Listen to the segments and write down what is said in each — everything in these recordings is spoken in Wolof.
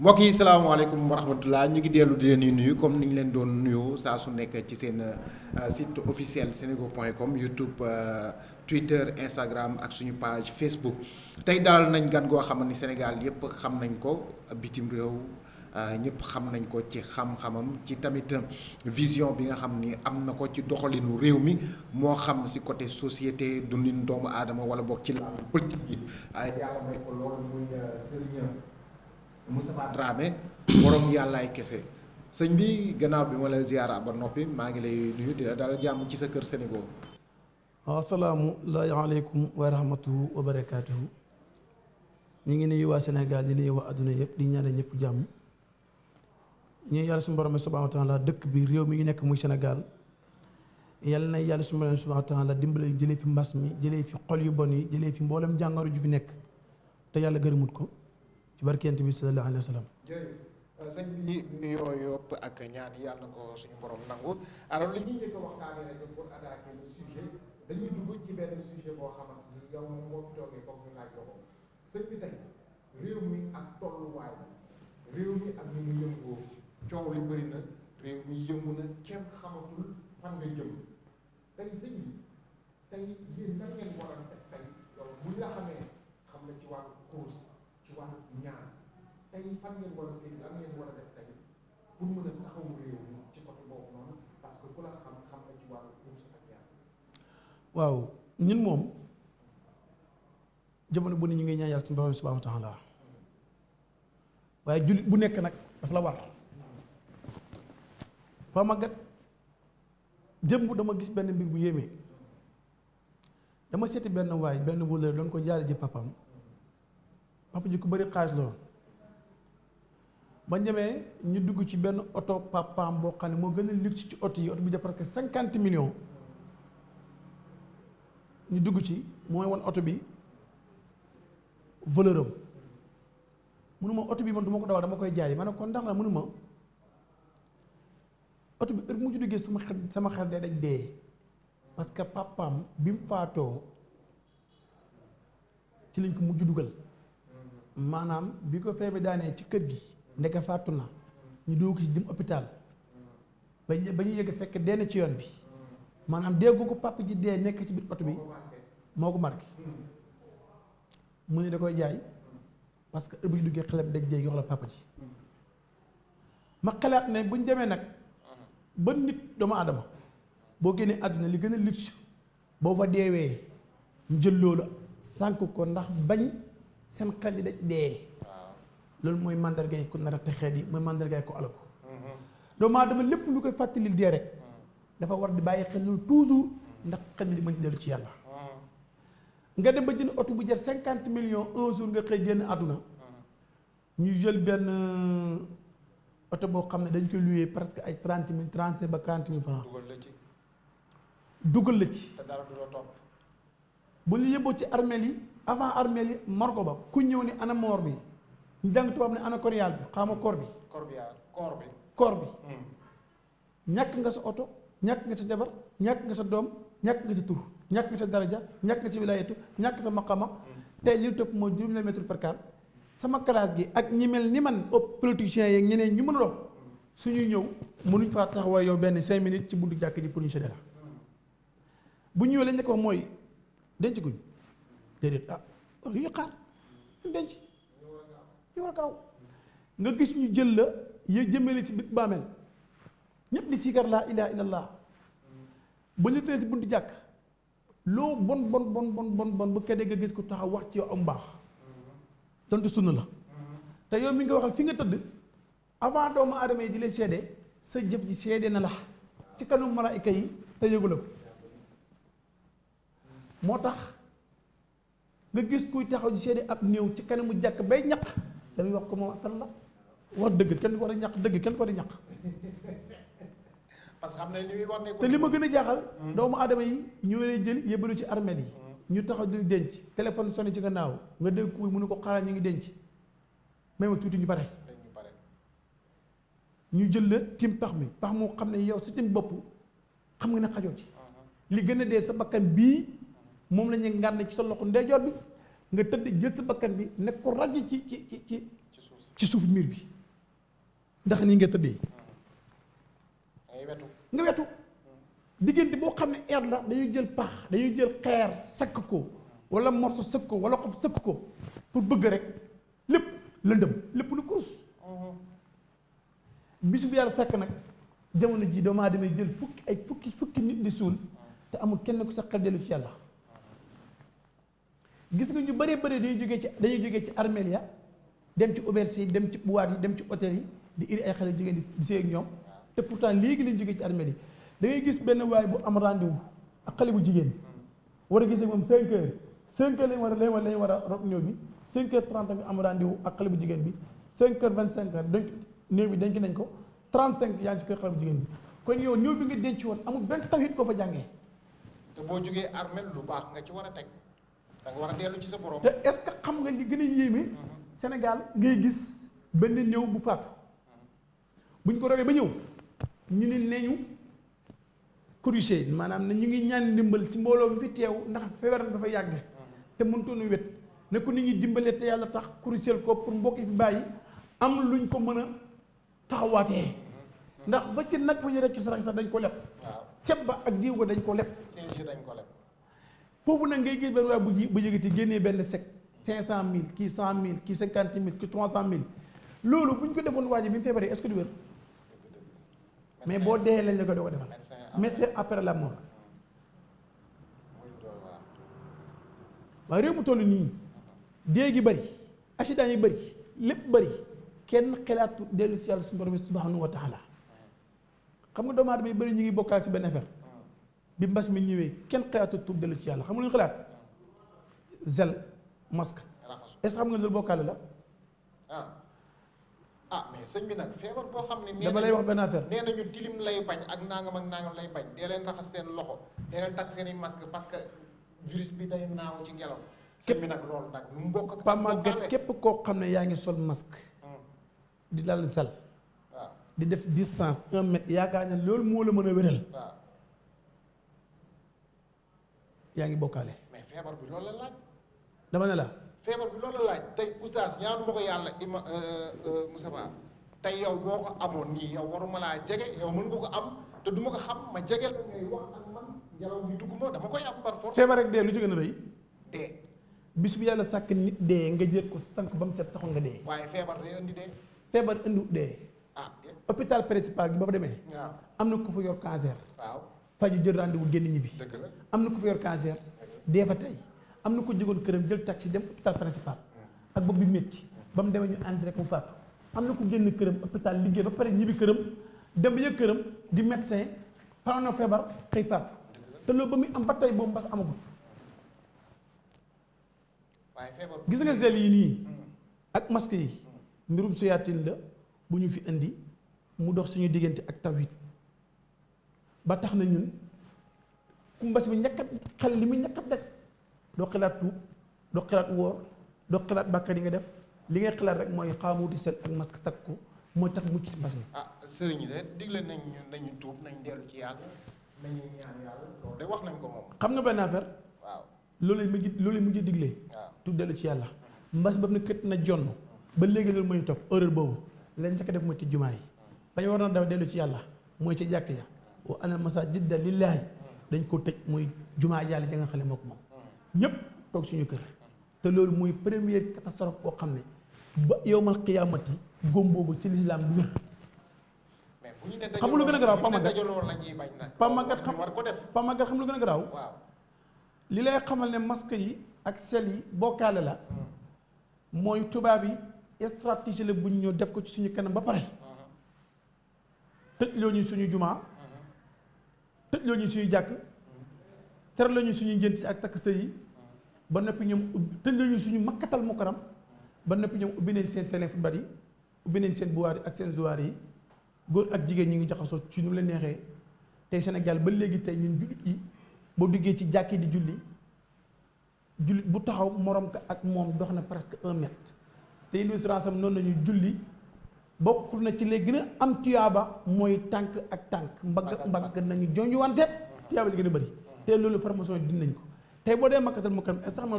mbokk yi salaamaaleykum wa rahmatulah ñu ngi dellu di leen di nuyu comme ni ñu leen doon nuyoo saa su nekk ci seen euh, site officiel senego.com YouTube euh, Twitter Instagram ak suñu page Facebook tey daal nañ gan goo xam ni Sénégal yëpp xam nañ ko bitim réew euh, ñëpp xam nañ ko ci xam-xamam ci tamit vision bi nga xam ni am na ko ci doxalinu réew mi moo xam si côté société dundin doomu aadama wala boog ci la politique yi yàlla may ko loolu muy Serigne. Moustapha Dramé borom yàllaay kese sëñ bi gannaaw bi ma la ziyaara ba noppi maa ngi lay nuyu di daal jàmm ci sa kër Sénégal. waaw salaamualeykum wa rahmatuhu wa barakaatuhu ñu ngi nuyu waa senegal di nuyu waa adduna yëpp di ñaanal ñëpp jàmm. ñu yàlla suñu borom subhanahu wa taala dëkk bi réew mi ngi nekk muy senegal yàlla na yàlla suñu borom subhanahu wa taala dimbale jëlee fi mbas mi jëlee fi xol yu bon yi jëlee fi mboolem jàngoro ju fi nekk te yàlla gërëmut ko. ci barkeent bi sallallahu alayhi wa sallam. Euh, sëñ bi nuyoo yëpp ak ñaan yàlla na ko suñu borom nangu alors li ñuy njëkk a waxtaanee rek pour attaquer le sujet dañuy dugg ci benn sujet boo xamante ni yow moom moo fi toogee foog ñu laaj ko sëñ bi réew mi ak tolluwaay bi réew mi ak ñu ngi yëngoo coow li bëri na réew mi yëngu na kenn xamatul fan nga jëm tey sëñ tey yéen ngeen war a def tey yow bu ñu la xamee. parce que ku la waaw ñun moom jamono bu ne ñu ngi ñaan yàlla suñu borom subhanahu wa waaye jullit bu nekk nag daf la war fa màggat jëmb dama gis benn mbir bu yéeme dama seeti benn waay benn wóllare doon ko jaare ji papam papa ji ko bari xaalis la woon ba ñemee ñu dugg ci benn oto papaam boo xam ne moo gën a luxe ci oto yi oto bi def que cinquante millions ñu dugg ci mooy wan oto bi valeur am mënuma oto bi man du ma ko dawal dama koy jaay ma ne ko ndax la mënuma oto bi heure mu ci duggee sama xel sama xel day dee parce que papaam bi mu faatoo ci lañ ko mujj dugal maanaam bi ko feebar daanee ci kër gi ndeke fàttu na ñu dugg ci jëm hôpital ba ñu ba ñu yëg fekk dee ci yoon bi maanaam dee googu papa ji dee nekk ci biir oto bi moo ko marqué mu ne da koy jaay parce que heure bu ñu duggee xelam daj jéeg yox la papa ji ma xalaat ne bu ñu demee nag ba nit doomu aadama boo génnee àdduna li gën a luxe boo fa deewee ñu jël loolu sànk ko ndax bañ. seen xel di daj dee. loolu mooy mandargay ku nar a texee di mooy mandargay ko alaku. Mm-hmm. doomu aadama lépp lu koy fàttali dee rek. Mm. dafa war di bàyyi xel loolu toujours ndax xel mi di dellu ci yàlla. Mm. nga dem ba jënd oto bu jar cinquante millions un jour nga xëy génn àdduna. Mm. ñu jël benn euh, oto boo xam ne dañ koy loué presque ay trente mille trente cinq ba quarante mille francs. dugal la ci. la topp. bu ñu yóbboo ci armeel yi. avant armée li morgue ba ku ñëw ni ana moor bi ñu jàng tubaab ne ana corial bi xaama koor bi koor bi koor hmm. bi ñàkk nga sa oto ñàkk nga sa jabar ñàkk nga sa doom ñàkk nga sa tur ñàkk nga sa daraja ñàkk nga sa wilayetu ñàkk sa maqama hmm. tey li topp mooy juróom sama classe gi ak ñi mel ni man ëpp politiciens yeeg ñeneen ñu mënuloo suñuy ñëw mënuñ faa taxawaay yow benn cinq minutes ci buntu jàkk ji pour ñu séddale hmm. bu ñu ñëwee lañ ko mooy denc guñ déedéet ah denc ñu war nga gis ñu jël la ya jëmale ci bit bàmmeel ñëpp di siikar laa ilaha illallah ba ñu si buntu jàkk loo bon bon bon bon bon bu keddee nga gis ko taxaw wax ci yow am mbaax donte sunna la te yow mi nga waxal fi nga tëdd avant doomu aadama yi di lay seede sa jëf ji seede na la ci kanamu malaayika yi te yëgu la ko moo tax nga gis kuy taxaw ci seede ab néew ci kanamu jàkk bay ñaq dañuy wax ko moom fan la war dëgg kenn ko war a ñaq dëgg kenn ko war a ñaq. parce que xam nañ li muy war te li ma gën a jaaxal. Hmm. doomu aadama yi ñu lay jël yëbbalu ci armeel yi. Hmm. ñu taxaw di denc téléphone sonné ci gannaaw nga dëgg kuy mënu ko xaaral ñu ngi denc may ma tuuti ñu bare. ñu jël la timpax mi pax moo xam ne yow sa tim bopp xam nga ne xajoo ci. Hmm. li gën a dee sa bakkan bii. moom la ñuy ci sa loxo ndeyjoor bi nga tëdd jël sa bakkan bi nekk ko ràjj ci ci ci ci ci suuf miir bi ndax nii nga tëddee ah. nga wetu diggante boo xam ne air la dañuy jël pax dañuy jël xeer sakk ko wala morso sëkk ko wala xob sëkk ko pour bëgg rek lépp lëndëm lépp lu kurus mm-hmm. bis bu yàlla sakk nag jamono ji doomu demee jël fukki ay fukki fukki nit di suul te amul kenn ku sa xel dellu ci yàlla gis nga ñu bëree bëri dañuy jógee ci dañuy jógee ci armeel ya dem ci auberge yi dem ci boîte yi dem ci hôtel yi di indi ay xale jigéen di sëy ak ñoom te pourtant léegi lañ jógee ci armeel yi da ngay gis benn waay bu am rendez-vous ak xale bu jigéen war a moom 5 heures 5 heures lañ a lañ war lañ war a rob ñëw bi 5 heures 30 nga am rendez-vous ak xale bu jigéen bi 5 heures 25 heures donc néew bi denc nañ ko 35 yaa ngi ci kër xale bu jigéen bi kon yow néew bi nga denc woon amul benn tawit koo fa jàngee. te boo jógee armeel lu baax nga ci war a teg. da nga ci sa borom. te est-ce que xam nga li gën a yéeme. Sénégal ngay gis benn néew bu faatu. buñ ko robee ba ñëw ñu ne nee ñu corrigé maanaam na ñu ngi ñaan ndimbal ci mbooloo mi fi teew ndax feebar dafa yàgg. te mënutoon wet ne ko nit ñi dimbalee te yàlla tax corrigé ko pour mbokk yi fi bàyyi am ñu ko mën a taxawaatee. ndax ba ci nag bu ñu rek ci sarax sax dañ ko leb. ceeb ba ak diw ba dañ ko leb. dañ ko leb. foofu nag ngay gis benn waaye bu bu yëgati génnee benn sec cinq cent mille kii cent mille kii cinquante mille kii trois cent mille loolu bu ñu ko defoon waa ji bi mu feebaree est-ce du wér mais boo dee lañ la ko doo ko defal médecin après la mort waaye réew mu toll nii dee gi bëri accident yi bëri lépp bëri kenn xelaatu dellu si yàlla suñu borom subhanahu wa taala xam nga doomu aadama yi bëri ñu ngi bokkaal si benn affaire bi mbas mi ñëwee kenn xalaatu tuub dellu ci yàlla xam nga lu ñu xalaat zel masque est-ce que xam nga loolu bokkaale la ah. Ah, nag feebar boo xam ne dama lay wax benn affaire nee nañu tilim lay bañ ak nangam ak nangam lay bañ dee leen raxas seen loxo dee leen takk seeni masque parce que virus bi day naaw ci ngelaw sëñ bi nag loolu nag mu mbokk ak pamaget képp koo xam ne yaa ngi sol mask hmm. di dal zel ah. di def distance un mètre yaakaar ne loolu moo la mën a wéral yaa ngi bokkaale. mais feebar bi loolu la laaj. dama ne la. feebar bi loolu la laaj tey oustaz ñaar ma ko yàlla ima euh, euh, Moussa Ba tey yow boo ko amoon nii yow waruma laa jege yow mën nga ko am te duma ko xam ma jege la ngay wax ak man ngelaw bi dugg ma dama koy am par feebar ak dee lu ci gën a rëy. dee. bis bu yàlla sàkk nit dee nga jël ko sànq ba mu set taxul nga dee. waaye feebar day indi dee. feebar indi dee. ah hôpital principal bi ba fa demee. waaw am na ku fa yor cancer. waaw. faju jël rendez-vous génn ñibbi am na ko fi yor cancer dee fa tey am na ko jógoon këram jël ci dem hôpital principal ak bopp bi metti ba mu demee ñu ànd rek mu faatu am na ko génn këram hôpital liggéey ba pare ñibbi këram dem ba yëg këram di médecin fanaan na feebar xëy faatu te loolu ba muy am ba tey boobu mbas amagul gis nga sel yi nii ak masque yi mbirum soyaatin la bu ñu fi indi mu dox suñu diggante ak tawit ba tax na ñun ku mbas mi ñàkk xel li muy ñàkk daj doo xalaat tuub doo xalaat woor doo xalaat bàkkaar yi nga def li ngay xalaat rek mooy xaamu di set ak masque takk ko mooy tax mucc ci mbas ah sëriñ de digle nañ nañu tuub nañ dellu ci yàlla nañu ñaan yàlla wax nañ ko xam nga benn affaire. waaw loolu mu mujj loolu mujj digle. waaw tuub dellu ci yàlla. mbas ba mu ne kët na jonn ba léegi loolu mooy topp erreur boobu lañ fekk def mooy ci jumaa yi. dañu war na daw dellu ci yàlla mooy ci jàkk ya wa anal masajida lillaahi dañ ko tëj muy jumaa yàlla ja nga xam ne moo ko moom ñëpp toog suñu kër te loolu muy première catastrophe koo xam ne ba yowmal qiyaamati góom boobu ci lislaam du wér xam lu gën a garaaw pamagat pamagat xam pamagat xam lu gën a garaaw li lay xamal ne masque yi ak sel yi bokkaale la mooy tubaab yi stratégie la bu ñu ñëw def ko ci suñu kanam ba pare mm-hmm. tëj loo ñu suñu jumaa tëj loo ñu suñuy jàkk teral la ñu suñuy njënt yi ak takk sëy yi ba noppi ñoom tëj loo ñu suñu makkatal mu karam ba noppi ñoom ubbi nañ seen téléphone bat yi ubbi nañ seen buwaar yi ak seen zuwaar yi góor ak jigéen ñu ngi jaxasoo ci nu la neexee tey Sénégal ba léegi tey ñun jullit yi boo diggee ci jàkk jàkki di julli jullit bu taxaw moroom ka ak moom dox na presque un mètre te indi suraasam noonu nañu julli bokk na ci léegi gën a am tuyaaba mooy tànk ak tànk mbagg mbagg nañu jonju wante tuyaaba li gën a bëri te loolu formation yi dinañ ko te boo dee makkatal mu kam est-ce que xam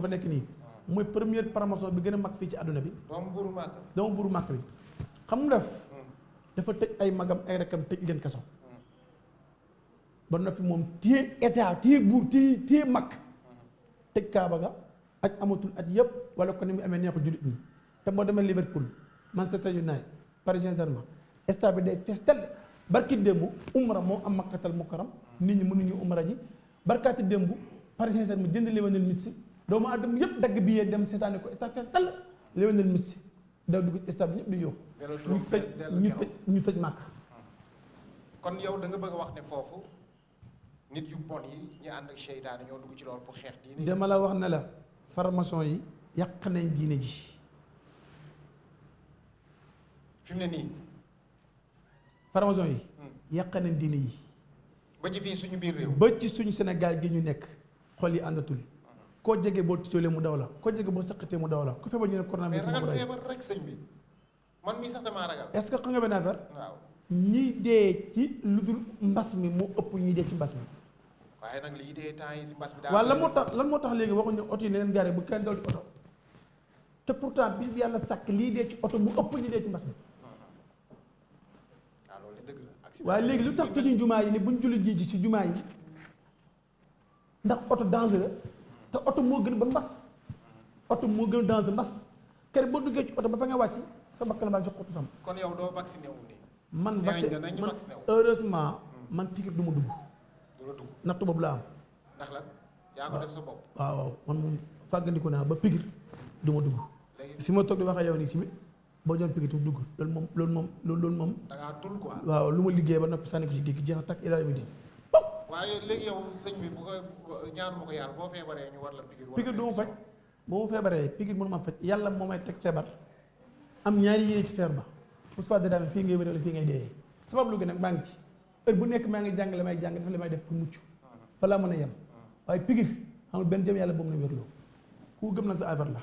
nga nekk nii mooy première formation bi gën a mag fii ci bi doomu buuru màkk doomu buuru màkk bi xam nga hmm. dafa tëj ay magam ay rakam tëj leen kaso ba noppi moom téye état téye buur téye téye kaaba ga ak amatul at yëpp wala ko ni mu amee neexu jullit ñi te moo Liverpool Manchester United Paris Saint-Germain stade bi day fees tell barki démb umra moo am makkatal mukaram nit ñi mënuñu umra ji barkaati démb Paris Saint-Germain jënd Lionel Messi doomu aadama yëpp dagg bi yee dem seetaani ko stade fees tell Lionel Messi daw dugg ci stade bi ñëpp di yóbbu ñu tëj ñu tëj ñu tëj màkk kon yow da nga bëgg wax ne foofu nit yu bon yi ñu ànd ak seytaane ñoo dugg ci loolu bu xeex diine dama la wax ne la farmason yi yàq nañ diine ji fi mu ne nii. farmason yi. Hmm. yàq nañ diine yi. ba ci fii suñu biir réew. ba ci suñu Sénégal gi ñu nekk xol yi àndatul. Hmm. koo jege boo tiitoolee mu daw la koo jege boo saqatee mu daw la ko feebar ñu ne coronavirus. mais ragal bi man mii sax damaa ragal. est-ce que xam nga waaw ñi dee ci lu dul mbas mi mu ëpp ñi dee ci mbas mi. waaye nag li dee temps yi si mbas mi. waaw lan moo tax lan moo tax léegi waxuñu oto yi ne leen garé bu kenn dal ci oto. te pourtant bi yàlla sàkk lii dee ci oto mu ëpp ñu dee ci mbas mi. waaye léegi lu tax tëjuñ jumaa yi ne buñ julli ji ci jumaa yi ndax oto danger la te oto moo gën ba mbas oto moo gën danger mbas kër boo duggee ci oto ba fa nga wàcc sa bakkan baa jox ko sam kon yow doo vacciné wu de man vacciné man heureusement hmm. man piqûre du ma dugg. du la dugg nattu boobu laa am. ndax lan yaa ko sa bopp. waaw waaw man moom fàggandiku naa ba piqûre du ma dugg. fi ma toog di wax ak yow nii tamit. boo doon piquet dugg loolu moom loolu moom loolu moom. da ngaa tul quoi. waaw lu ma liggéey ba noppi sànni ko ci géej gi jeex na takk ilaa mi di. waaye léegi yow sëñ bi bu ko ñaan ma ko yàlla boo feebaree ñu war la piquet. piquet du ma faj boo ma feebaree piquet ma faj yàlla moo may teg feebar am ñaari yéene ci feebar ba Moustapha Dramé fii ngay wéree wala fii ngay dee sabab lu gi nag maa ngi ci heure bu nekk maa ngi jàng la may jàng def la may def pour mucc fa laa mën a yem waaye piquet amul benn jëm yàlla boobu na wérloo ku gëm sa affaire la.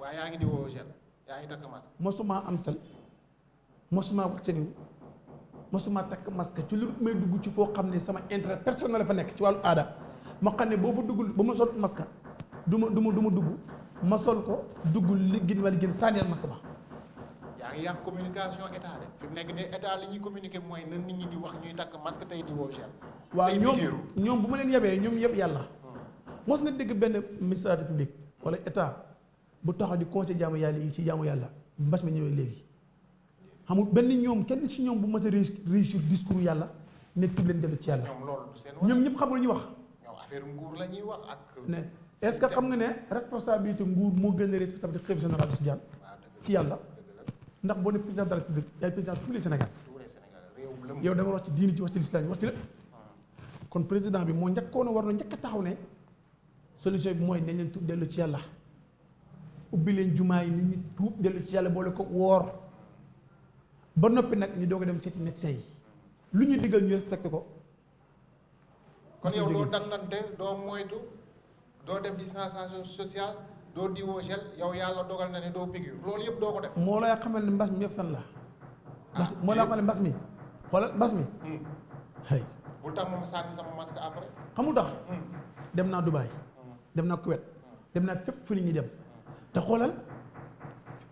waaye yaa ngi di woo yaa ngi takk masque mosuma am sel mosuma wax ni mosuma takk masque ci lu may dugg ci foo xam ne sama intérêt personnel fa nekk ci wàllu aada ma xam ne boo fa duggul ba ma sol masque du ma du ma du ma dugg ma sol ko dugg li gën wala gën sànniyal masque ba. yaa ngi communication état fi mu nekk nii état li ñuy communiquer mooy na nit ñi di wax ñuy takk masque tey di woo gel. waaw ñoom ñoom bu ma leen yebee ñoom yëpp yàlla. Hmm. mos nga dégg benn ministère de public wala état. bu taxaw di conseil jaamu yàlla yi ci jaamu yàlla mbas mi ñëwee léegi xamul benn ñoom kenn ci ñoom bu mas a réussir discours yàlla ne tub leen dellu ci yàlla. ñoom loolu ñoom ñëpp xamul ñu wax. affaire nguur la ñuy wax ak. ne est-ce que xam nga ne responsabilité nguur moo gën a responsabilité xëy na général Tidiane ci yàlla ndax boo ne président de la République yaay président tous les yow dama wax ci diini ci wax ci lislaam wax ci lépp. Hmm. kon président bi moo njëkkoon a war na njëkk taxaw ne solution bi mooy nañ leen tub dellu ci yàlla ubbi leen jumaa yi nit ñi tuub dellu ci yàlla boole ko woor ba noppi nag ñu doog a dem seeti médecin yi lu ñuy diggal ñu respecté ko. kon yow doo dandante doo moytu doo def di distanciation sociale doo diwoo gel yow yàlla dogal na ne doo piqûre loolu yëpp doo ko def. moo lay xamal ne mbas mi yëpp fan la. Ah, mbas moo lay xamal ne mbas mi xoolal mbas mi. ay hmm. bul tax ma sànni sama masque après. xamul tax. Hmm. dem naa Dubaï. Hmm. dem naa Kuwait. dem naa fépp fu nit ñi dem. xoolal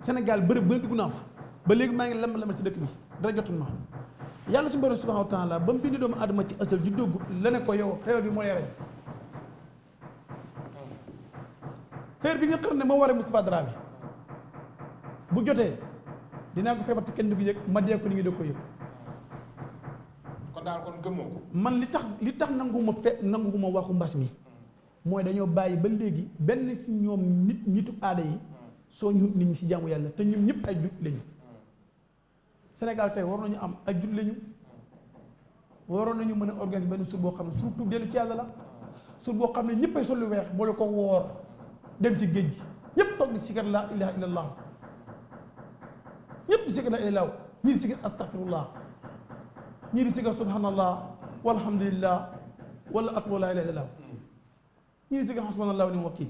Sénégal bërëb ba dugg naa fa ba léegi maa ngi lamb lamal ci dëkk bi dara jotul ma yàlla suñu borom subhanahu wa taala ba mu bind doomu adama ci asal ju dugg la ne ko yow xew bi moo lay feer bi nga xam ne moo waree Moustapha Dramé bu jotee dinaa ko feebar te kenn du ko yëg ma dee ko ni doo ko yëg daal kon man li tax li tax nangu ma fe nangu ma waxu mbas mi mooy dañoo bàyyi ba léegi benn si ñoom nit nitu aada yi soo ñu nit ñi si jaamu yàlla te ñun ñëpp ay jullit lañu Sénégal tey war nañu am ay jullit lañu waroon nañu mën a organiser benn suur boo xam ne surtout dellu ci yàlla la boo xam ne ay sol lu weex boole ko woor dem ci géej gi ñëpp toog di sikar laa ilaha illallah ñëpp di sikar laa ilaha ñii di sikar astaghfirullah ñii di sikar subhanallah walhamdulillah wala ak laa ilaha illallah ñu ngi a nga hasbunallahu wa ni'mal wakiil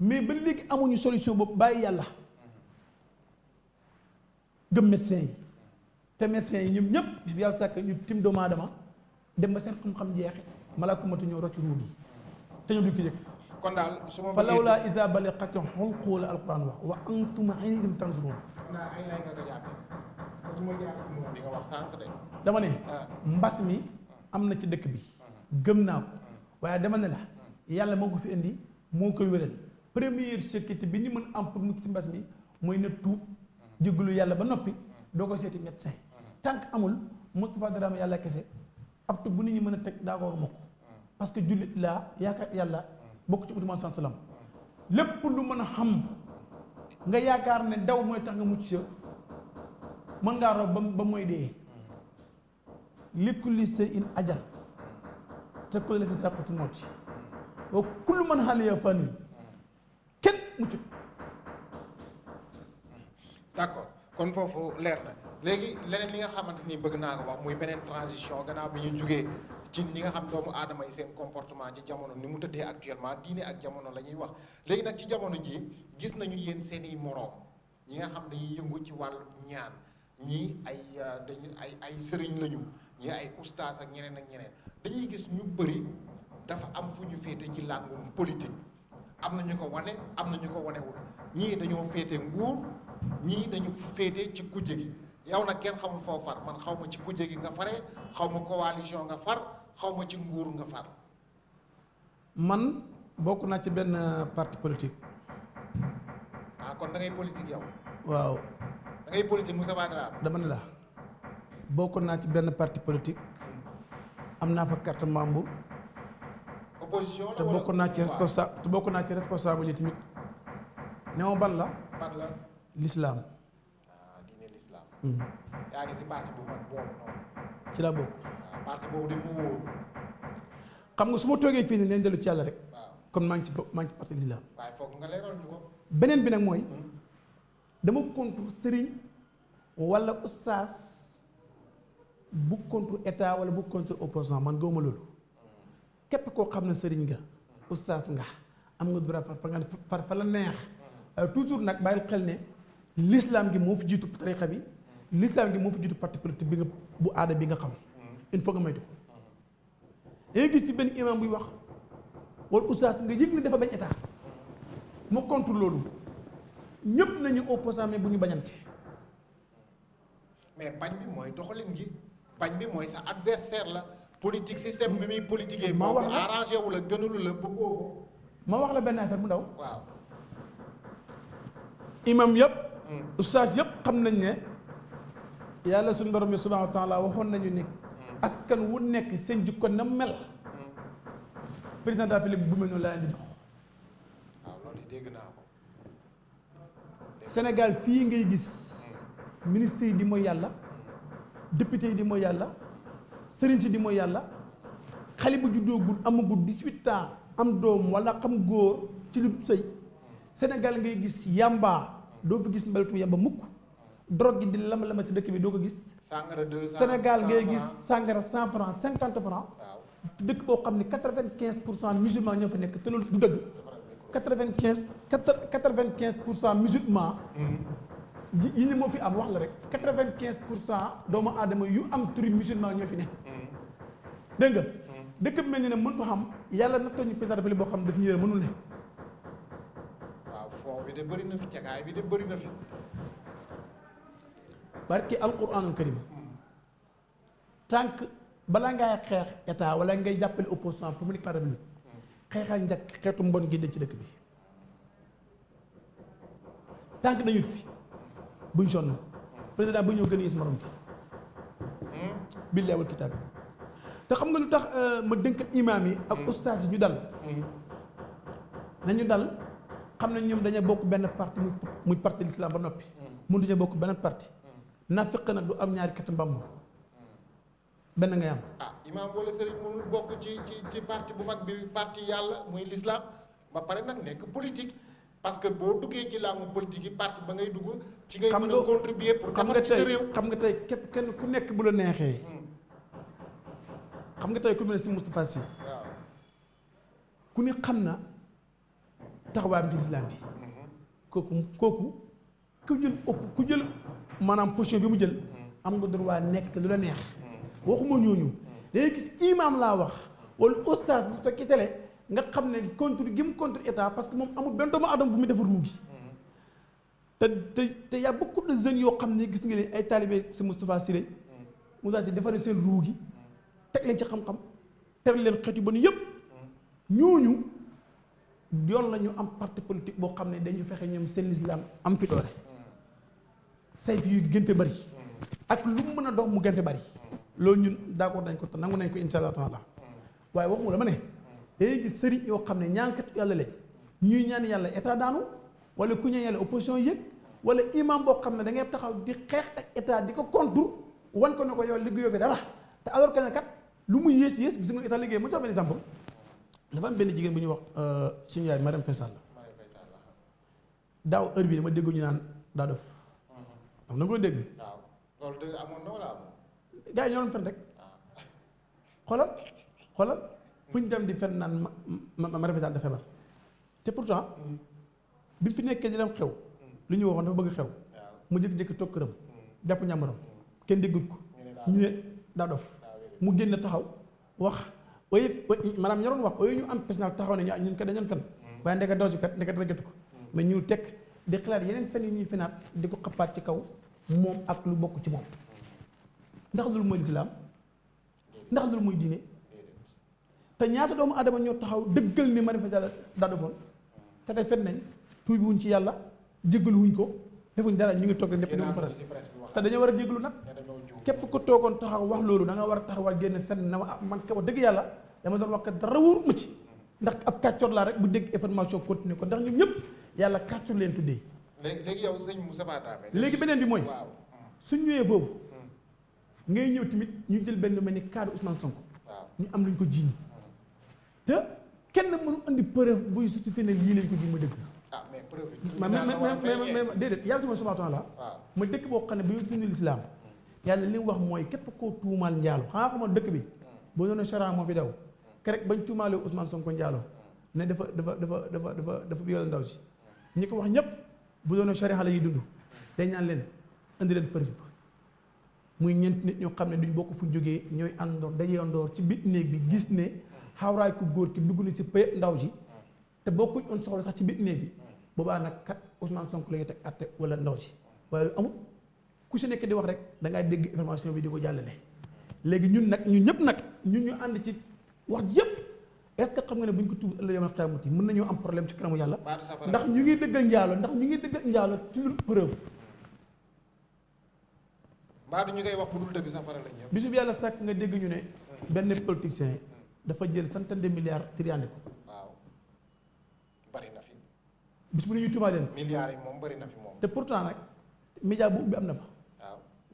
mais ba léegi amuñu solution boobu bàyyi yàlla gëm médecin yi te médecin yi ñoom ñëpp bis bi yàlla sàkk ñu tim doomu aadama dem ba seen xam-xam jeexi malaakumatu ñoo ci ruug yi te ñoom duñ ko yëg. kon daal su ma. fa lawlaa izaa balagati hulquum la alquran wax wa antum indahum tanzuruun. naa ay lay nga ko jàppee. wax sànq de. dama ne. Ah. mbas mi am na ci dëkk bi. Ah. gëm naa ko ah. waaye dama ne la. yàlla moo ko fi indi moo koy wéral première sécurité bi ni mën am pour mucc ci mbas mi mooy na tuub jéggalu yàlla ba noppi doo ko seeti médecin tant que amul Moustapha Dramé yàlla kese ab tuub bu nit ñi mën a teg d'accord mokk parce que jullit laa yaakaar yàlla bokk ci utuman sans salam lépp lu mën a xam nga yaakaar ne daw mooy tax nga mucc sa mën ngaa rob ba ba mooy dee li kulli shay'in ajal te kulli nafsin zaa'iqatul wa kullu man xaaliya fani kenn muccut d'accord kon foofu leer na léegi leneen li nga xamante ni bëgg naa ko wax muy beneen transition gannaaw bi ñu jógee ci ñi nga xam doomu aadama yi seen comportement ci jamono ni mu tëddee actuellement diine ak jamono la ñuy wax léegi nag ci jamono ji gis nañu yéen seeni moroom ñi nga xam dañuy yëngu ci wàllu ñaan ñii ay dañu ay ay sëriñ lañu ñii ay ustaas ak ñeneen ak ñeneen dañuy gis ñu bëri dafa am fu ñu féete ci làngum politique am na ñu ko wane am na ñu ko wanewul ñii dañoo féete nguur ñii dañu féete ci kujje gi yow nag kenn xamul foo far man xaw ma ci kujje gi nga fare xaw ma coalition nga far xaw ma ci nguur nga far. man bokk naa ci benn parti politique. ah kon da ngay yow. waaw. da ngay politique Moussa Badara. dama ne la bokk naa ci benn parti politique am naa fa carte membre. opposition te bokk naa ci responsable te bokk naa ci responsable yi tamit ne ma ban la. ban la l'islam. ah si hmm. parti bu ci la bokk. waaw ah, boobu xam nga su ma toogee fii nii nañ dellu ci yàlla rek. kon maa ngi ci maa ngi ci parti l'islam. waaye foog nga leeral ko. beneen bi nag mooy. Hmm? dama contre sëriñ wala ustaas bu contre état wala bu contre opposant man gëwuma loolu. képp koo xam ne sëriñ ga ustaas nga am nga droit par par fa la neex euh, toujours nag bàyyil xel ne l'islam gi moo fi jiitu tariqa bi l'islam gi moo fi jiitu parti politique bi nga bu aada bi nga xam il faut nga moytu ko léegi gis benn imam buy wax wala ustaas nga yëg dafa bañ état mu contre loolu ñëpp nañu opposant mais bu ñu bañante mais bañ bi mooy doxalin gi bañ bi mooy sa adversaire la politique système bi muy politiqué. ma wax la la gënalu la bëggoo ko. ma wax la benn affaire bu ndaw. waaw. imam yëpp. Hmm. ustaas yëpp xam nañ ne. yàlla suñu borom bi subhanahu wa taala waxoon nañu ni. Hmm. askan wu nekk seen jikko na mel. Hmm. président de la République bu mel noonu laa leen jox. ko. Sénégal fii ngay gis. ministre yi di mooy yàlla. député yi di mooy yàlla. sëriñ si di mooy yàlla xale bu juddoogul amagul 18 ans am doom wala xam góor ci lu dul sëy Sénégal ngay gis yamba doo fi gis mbalitum yamba mukk drogue gi di lama lama ci dëkk bi doo ko gis. sàngara deux Sénégal ngay gis sàngara cent franc cinquante franc. dëkk boo xam ne quatre vingt quinze pour cent musulman ñoo fi nekk te loolu du dëgg. quatre vingt quinze quatre vingt quinze pour cent musulman. Mm-hmm. yi ni moo fi am wax la rek. quatre vingt quinze pour cent doomu aadama yu am turi musulman ñoo fi nekk. dégg nga dëkk bi mel ni ne mëntu xam yàlla na ñu président de boo xam daf ñu mënul ne. waaw foo bi de bëri na fi cagaay bi de bari na fi. barki alquranul karim tànk balaa ngay xeex état wala ngay jàppale opposition pour mu nekk président de la xeexal njëkk xeetu mbon gi dañ ci dëkk bi tànk dañu fi buñ sonn président bu ñëw gën a gis morom gi. Hmm? billaay wal kitaab te xam nga lu tax euh, ma dënkal imaam yi. ak mm. ustaas yi ñu dal. Mm. nañu dal xam ne ñoom dañoo bokk benn parti muy muy parti l'islam ba noppi. mun mm. dañoo bokk benn parti. nafiq na du am ñaari kati mbàmm. benn ngay am. ah imaam wala sëriñ mënul bokk ci ci ci parti bu mag bi parti yàlla muy l'islam ba pare nag nekk politique. parce que boo duggee ci làngu politique yi parti ba ngay dugg. ci ngay mën a contribuer pour defar ci sa réew xam nga tey képp kenn ku nekk bu la neexee. xam nga tey ku mel ne si ku ne xam na taxawaayam ci lislaam bi mm-hmm. kooku kooku ku jël ëpp ku jël maanaam position bi mu jël mm-hmm. am nga droit nekk lu la neex mm-hmm. waxuma ñooñu day gis imam laa wax wala oustaz bu tokki télé nga xam ne contre gi mu contre état parce que moom amul benn doomu adama bu muy defar ruu gi te te te y a beaucoup jeunes yoo xam ne gis nga ne ay taalibe si Moustapha Sy lañ mu daal ci defaree seen ruu gi teg leen ci xam-xam ter leen xeet yu bon yëpp ñooñu yoon la ñu am parti politique boo xam ne dañu fexe ñoom seen lislaam am fi doole sayf yu gën fi bari ak lu mu mën a dox mu gën fi bari loolu ñun d'accord dañ ko te nangu nañ ko insha allah taala waaye waxuma dama ne day gis sëriñ yoo xam ne ñaankat yàlla lañ ñuy ñaan yàlla état daanu wala ku ñaan yàlla opposition yëg wala imam boo xam ne da ngay taxaw di xeex ak état di ko contre wan ko ko yow liggéeyoo fi lu muy yées yées gis nga état liggéey mu jox benn exemple dafa am benn jigéen bu ñuy wax euh, suñu yaay madame Faye Sall daaw heure bi dama dégg ñu naan daa dof mhm. am dégg. waaw loolu dëgg amoon na wala amoon. gars yi ñoo doon fen rek. Ah. xoolal xoolal fu ñu dem di fen naan ma ma ma madame dafa feebar te pourtant mm. bi fi nekkee di dem xew mm. lu ñu waxoon dafa bëgg xew mu jékki-jékki toog këram mm. jàpp ñàmbaram kenn déggut ko ñu ne daa dof. mu génn taxaw wax ooy maanaam ña doon wax ooy ñu am personnel taxaw ne ñu ñun kat dañu kan mm. waaye ndeka daw si kat ndeka dara jotu ko mm. mais ñu teg di xalaat yeneen fen yu ñuy fenaat di ko xapaat ci kaw moom ak lu bokk ci moom ndax loolu mooy lislaam ndax loolu mooy diine te ñaata doomu adama ñoo taxaw dëggal ni manifestation daa defoon mm. te tey fen nañ tuubi wuñ ci yàlla jéggalu wuñ ko defuñ dara ñu ngi toog rek ñëpp ñu faral te dañoo war a jéggalu nag képp ku toogoon taxaw wax loolu da war a taxawal génn fenn na ma ah, man ko dëgg yàlla dama doon wax ko dara wóoruma ci ndax ab kàccoor laa rek bu dégg information continue ko ndax ñun ñëpp yàlla kàccoor leen tuddee. léegi léegi yow sëñ Moussa Badame léegi beneen bi mooy hmm. suñ ñëwee boobu hmm. ngay ñëw tamit ñu jël benn mel ni cadre Ousmane Sonko ñu am luñ ko jiiñ hmm. te kenn mënu andi preuve buy justifier ne lii lañ ko jiiñ ma dëgg ah mais preuve mais mais mais déedéet yàlla suma subhanahu wa taala ma dëkk boo xam ne bi ñu tudd yàlla li wax mooy képp koo tuumaal njaalo xanaa ko ma dëkk bi hmm. boo doon charia moo fi daw hmm. kerek bañ tuumaalee Ousmane Sonko njaalo ne dafa dafa dafa dafa dafa dafa yoolu ndaw si hmm. ñi ko wax ñëpp bu doon charia la dund dañ naan leen indi leen preuve muy ñeent nit ñoo xam ne duñ bokk fu jógee ñooy àndoor dajeandoor ci biir néeg bi gis ne xawraay ku góor ki dugg ci pëye ndaw ji te bokkuñ on soxla sax ci biir néeg bi boobaa nag kat Ousmane Sonko la teg atte wala ndaw si waaye amul ku si nekk di rek da ngaa dégg information bi di ko léegi ñun nag ñun ñëpp nag ñun ñu ànd ci wax yëpp est-ce que xam nga ne bu ñu ko tuub ëllëg yomal xiyaamati mën nañoo am problème ci kanamu yàlla. ndax ñu ngi dëggal njaalo ndax ñu ngi dëggal njaalo ci lu preuve. mbaa du ñu koy wax bu dul dëgg safara lañ ñëw. bisub yàlla sàkk nga dégg ñu ne. benn politicien dafa jël centaine de milliards ko. waaw bari na fi. bis bu ne ñu tuumaale bari na fi moom. te pourtant nag média bu ubbi am na fa.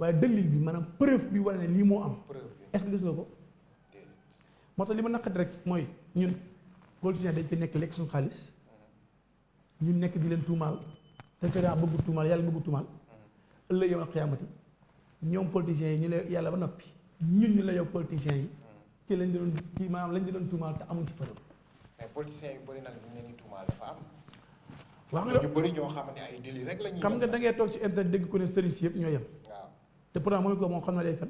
waaye dalil bi maanaam preuve bi wala ne lii moo am. est-ce que gis nga ko. moo li ma naqari rek mooy ñun politiciens dañ fi nekk lekk suñu xaalis mhm. ñu nekk di leen tuumaal te Sénégal bëgg tuumaal yàlla bëgg tuumaal mhm. ëllëg yow xiyaamati ñoom politiciens yi ñu la yàlla ba noppi ñun ñu la yow politiciens yi mhm. ci lañ doon ci maanaam lañ doon tuumaal te amuñ ci preuve. mais politiciens yu bëri nag ñu leen di tuumaal dafa am. wax xam nga da ngay toog si internet dégg ko ne sëriñ si yëpp ñoo yem. te pourtant moom it ko moom xam naa day fen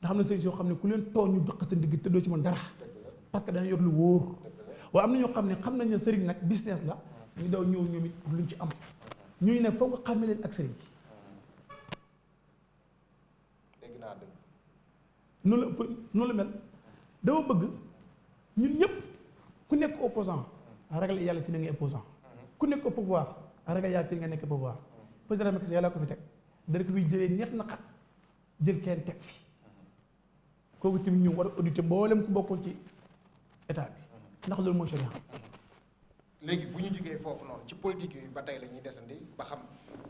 ndax xam na sëriñ soo xam ne ku leen tooñ ñu jox seen digg te doo ci mën dara parce que dañu yor lu wóor waaye am na ñoo xam ne xam nañ ne seriñ nag business la ñu daw ñëw ñoom it luñ ci am ñu nag foog nga xamee leen ak sëriñ ci la noonu bëgg ñun ñëpp ku nekk opposant ragal yàlla ci ne nga opposant mm-hmm. ku nekk au pouvoir ragal yàlla ci ne nga nekk pouvoir mm-hmm. président Macky Sall yàlla ko fi teg dana ko fiy jëlee neex na xat jël kenn teg fi kooku tamit ñu war a auditer mboolem ku bokkoon ci état bi ndax loolu mooy seen léegi bu ñu jógee foofu noonu ci politique yi ba tey la ñuy desandi ba xam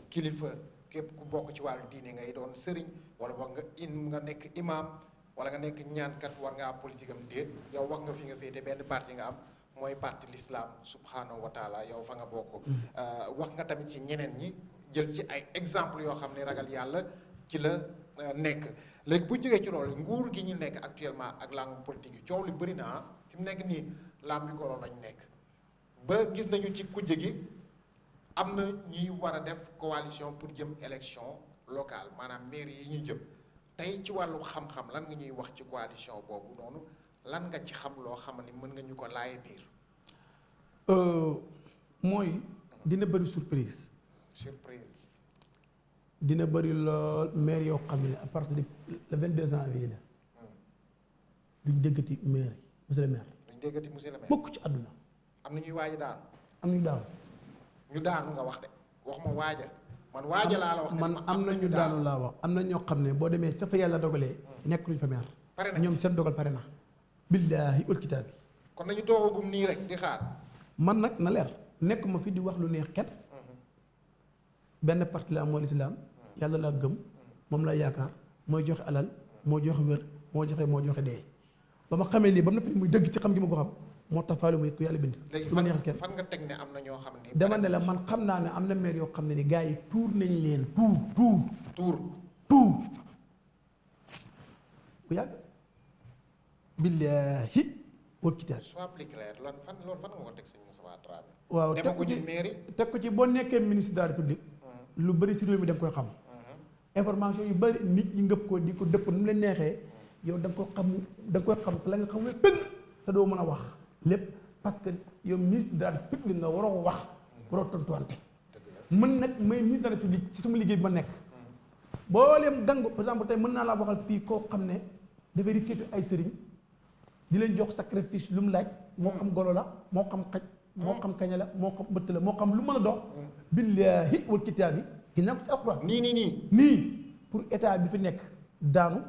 kilifa képp ku bokk ci wàllu diine ngay doon sëriñ wala wax nga in nga nekk imaam wala nga nekk ñaankat war ngaa politique am déet yow wax nga fi nga féete benn parti nga am mooy parti lislaam subhanahu wa taala yow fa nga bokk. Mm-hmm. Euh, wax nga tamit ci ñeneen ñi jël ci ay exemple yoo xam ne ragal yàlla ci la euh, nekk léegi bu jógee ci loolu nguur gi ñu nekk actuellement ak langue politique yi coow lu bëri naa fi mu nekk nii lam bi golo lañ nekk ba gis nañu ci kujje gi am na ñuy war a def coalition pour jëm élection locale maanaam mairie yi ñu jëm tey ci wàllu xam-xam lan nga ñuy wax ci coalition boobu noonu lan nga ci xam loo xam ni mën nga ñu ko laaye biir euh, mooy dina bëri surprise surprise. dina bëri lool maire yoo xam ne à partir de le 22 janvier la. Hmm. duñ déggati maire monsieur le maire. duñ déggati monsieur le ci àdduna. am na ñuy waaj daan. am ñu daan. ñu daanu nga wax de waxuma waaja. man waaja laa la wax am na ñu daanu laa wax am na ñoo xam ne boo demee ca yàlla dogalee. Hmm. nekk luñ fa maire. ñoom seen dogal pare na. billaahi ul kitaabi. kon nañu doogagum nii rek di xaar. man nag na leer nekk ma fi di wax lu neex kenn. benn parti la am mooy lislaam yàlla laa gëm moom laa yaakaar mooy joxe alal moo joxe wér moo joxe moo joxe dee ba ma xamee lii ba mu muy dëgg ci xam gi ma ko xam moo tax faalu muy ku yàlla bind léegi fan nga teg ne am na ñoo xam ne dama ne la man xam naa ne na maire yoo xam ne ni gars yi tuur nañ leen tuur tuur tuur tuur bu yàgg billaahi wal kitaab soit lan fan loolu fan nga ko teg sëñ nekkee ministre de la lu bëri ci réew mi da koy xam mm-hmm. information yu bëri nit ñi ngëpp koo di ko dëpp nu mu leen neexee yow danga nga ko xam da nga koy xam te la nga xam ne pëgg te doo mën a wax lépp parce que yow ministre daal la République nga waroo wax waroo tontuwante mën nag may ministre de la République ci suma liggéey bi ma nekk mm-hmm. booleem gangu par exemple tey mën naa laa waxal fii koo xam ne dafay rikéetu ay sëriñ di leen jox sacrifice lu mu laaj moo xam golo la moo xam xaj moo mm. xam kaña la moo xam mbëtt la moo xam lu mën a dox mm. billaahi wal kitaabi ginnaaw ko ci alxuraan nii nii nii nii pour état bi fi nekk daanu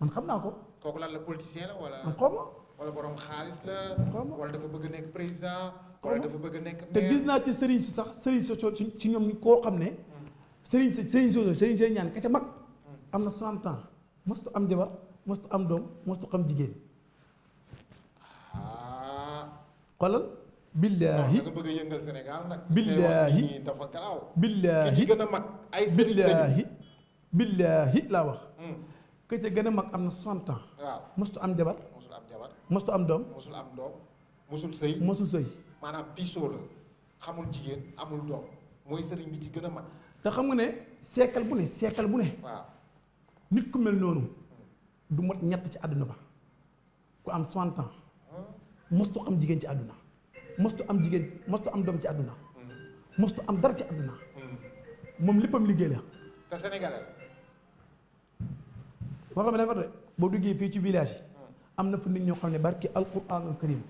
man xam naa ko kooku lan la politicien la wala man xaw ma wala borom xaalis la xaw dafa bëgg nekk président wala dafa bëgg nekk te gis naa ci sëriñ si sax sëriñ si si si ñoom koo xam ne mm. sëriñ si sëriñ si sëriñ si ñaan ka mag am na 60 ans mostu am jabar mostu am doom mostu xam jigéen ah. xoolal billaahi da bëgg a yëngal Sénégal nag. billaahi dafa garaaw. billaahi ki gën a ay sëriñ billaahi laa wax. Hmm. ki ci gën a mag am na 60 ans. waaw mosul am jabar. mosul am jabar mosul am doom. mosul am doom mosul sëy. mosul sëy. maanaam piisoo la xamul jigéen amul doom mooy sëriñ bi ci gën a mag. te xam nga ne seekal bu ne seekal bu ne. waaw nit ku mel noonu. du mot ñett ci àdduna ba ku am 60 ans. xam hmm. jigéen ci àdduna. mostu am jigéen mostu am doom ci àdduna mostu am dara ci àdduna moom léppam liggéey la. te boo xam ne duggee fii ci village na fu nit ñoo xam ne barki alquranul karim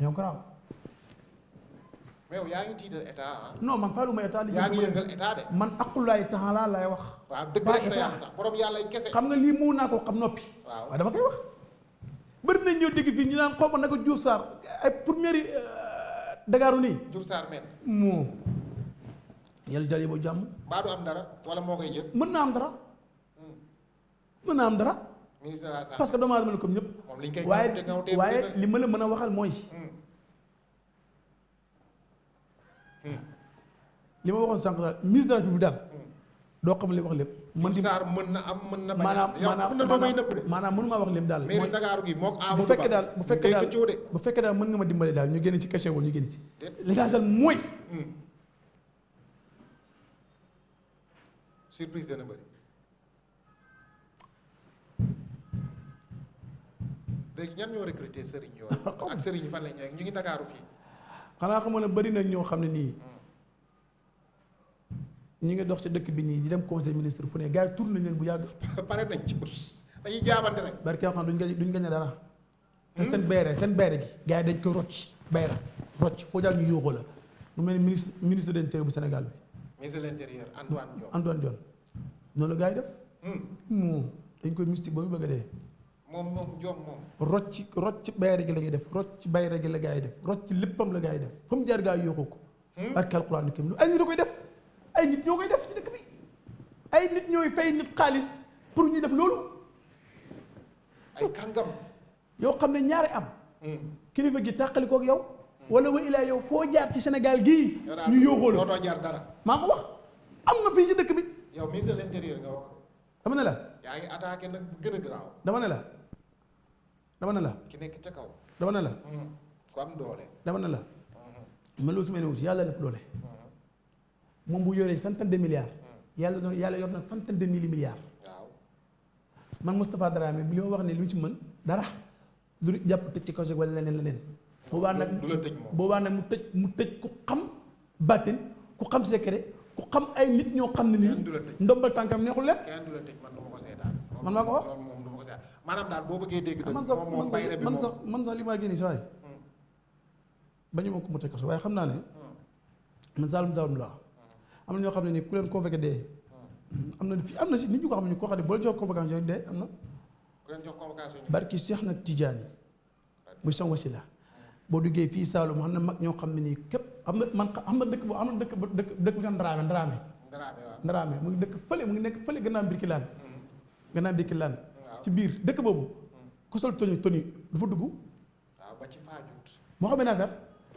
ñoo garaaw. mais ngi tiital état ah. non man faalu ma état. wax. yàlla kese. xam nga lii mu naa ko xam noppi. waaw dama koy wax. bëri nañ ñoo dégg fii ñu naan xaw ma naka Diouf ay première euh, dagaaru nii. Diouf Sarr mel. moo yàlla jàmm. mbaa du dara wala moo koy jël. mën naa am dara. Hmm. mën naa am dara. ministre de la santé parce que doomu aadama la comme ñëpp. moom liñ koy waaye waaye li ma la mën a waxal mooy. Hmm. Hmm. li ma waxoon sànq daal ministre de la République daal. doo xam li wax lépp. mën di mën na am mën na. maanaam maanaam mënu maa wax lim daal. mooy Dakar gi moog bu fekkee daal bu fekke daal bu fekkee daal mën nga ma dimbale daal ñu génn ci question boobu ñu génn ci. li nga xam mooy. Hmm. surprise dana bëri. léegi ñan ñoo recruter Serigne yooyu. ak Serigne fan la ñu ngi Dakaru fii. xanaa xam nga ne bëri na ñoo xam ne nii. Hmm. ñu ngi dox ci dëkk bi nii di dem conseil ministre fu ne gars yi tourné leen bu yàgg. pare nañ ci bés dañuy jaabante dara. te hmm? seen beere seen beere gi. gars yi dañ ko rocc beere rocc foo jàll ñu yóoxoo la mu mel ni ministre ministre de l'intérieur bu Sénégal bi. ministre de l'intérieur Antoine Diome Antoine Diome noonu la yi def. Hmm. dañ koy mystique ba mu bëgg dee. moom moom Diome moom. rocc rocc beere gi la ñuy def rocc beere gi la gars yi def rocc léppam la gaay def fa mu jaar gars yi yóoxoo ko. Hmm? barke alxuraan karim lu ay nit da koy def. ay nit ñoo koy def ci dëkk bi ay nit ñooy fay nit xaalis pour ñuy def loolu. ay kàngam. yoo xam ne ñaari am. Hmm. kilifa gi tàqali yow. wala wa ilaa yow foo jaar ci Sénégal gii. ñu yóoxoo la dara. maa ko wax am nga fii ci dëkk bi. yow ministre de l'intérieur nga wax. dama ne la. yaa ngi attaqué nag bu gën la. dama la. ki nekk ca kaw. dama la. Hmm. ku doole. dama la. Hmm. man loolu su ma nee yàlla def doole. moom bu yoree centaine de milliards. yàlla doon yàlla yor na centaine de mille milliards. waaw man Moustapha Dramé li ma wax ne li mu ci mën dara lu jàpp tëj ci kaso wala leneen leneen. boobaa nag boobaa nag mu tëj mu tëj ku xam bàttin ku xam secret ku xam ay nit ñoo xam ne nii. ndombal tànkam neexul leen. kenn du man dama ko seetaan. ko wax loolu moom dama ko seetaan maanaam daal boo bëggee dégg. man sax li ma génnee saa yi. Hmm. bañu mu tëj kaso waaye xam naa ne hmm. man Saalum Saalum laa am na ñoo xam ne ni ku leen convoqué dee am na fi am na si nit ñu ko xam ne koo xam ne boo leen jox convocation yi dee na. ku leen jox convocation yi. barki Seex nag Tijaani muy sama wasila boo duggee fii Saalum xam ne mag ñoo xam ne nii képp am na man xam na dëkk boo am na dëkk ba dëkk dëkk bi nga Ndaraame Ndaraame. Ndaraame mu ngi dëkk fële mu ngi nekk fële gannaaw Birkilaan. Mm-hmm. gannaaw Birkilaan. ci biir dëkk boobu. Mm-hmm. ku sol toni toni du fa dugg. waaw ba ci xam ne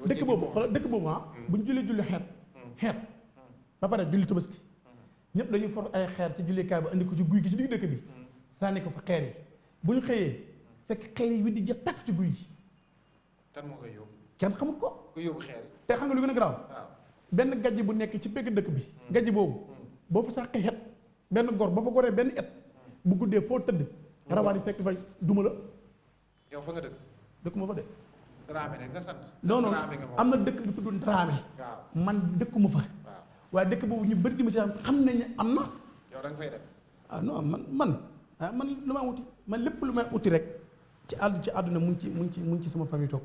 dëkk boobu xoolal dëkk boobu ah. Mm-hmm. bu ñu jullee julli xeet xeet ba pare julli tabaski ñëpp dañuy for ay xeer ci jullikaay ba andi ko ci guy gi ci digg dëkk bi sànni ko fa xeer yi bu ñu xëyee fekk xeer yi di ja takk ci guy gi. moo kenn xamul ko. ku te xam nga lu gën a garaaw. benn gajj bu nekk ci pegg dëkk bi. Hmm. gajj boobu hmm. boo fa sàqee xet benn gor boo fa goree benn et hmm. bu guddee foo tëdd. rawaan yi fekk fay duma la. yow fa nga dëkk. dëkk ma fa de. am na dëkk bu tudd Dramé. man dëkkuma fa. waaye dëkk boobu ñu bëri di ma ci xam nañ ne am na. yow da nga ah, man man ah, man lu ma wuti man lépp lu may uti rek ci àll ci àdduna mu ci mu ngi ci mu ci sama famille toog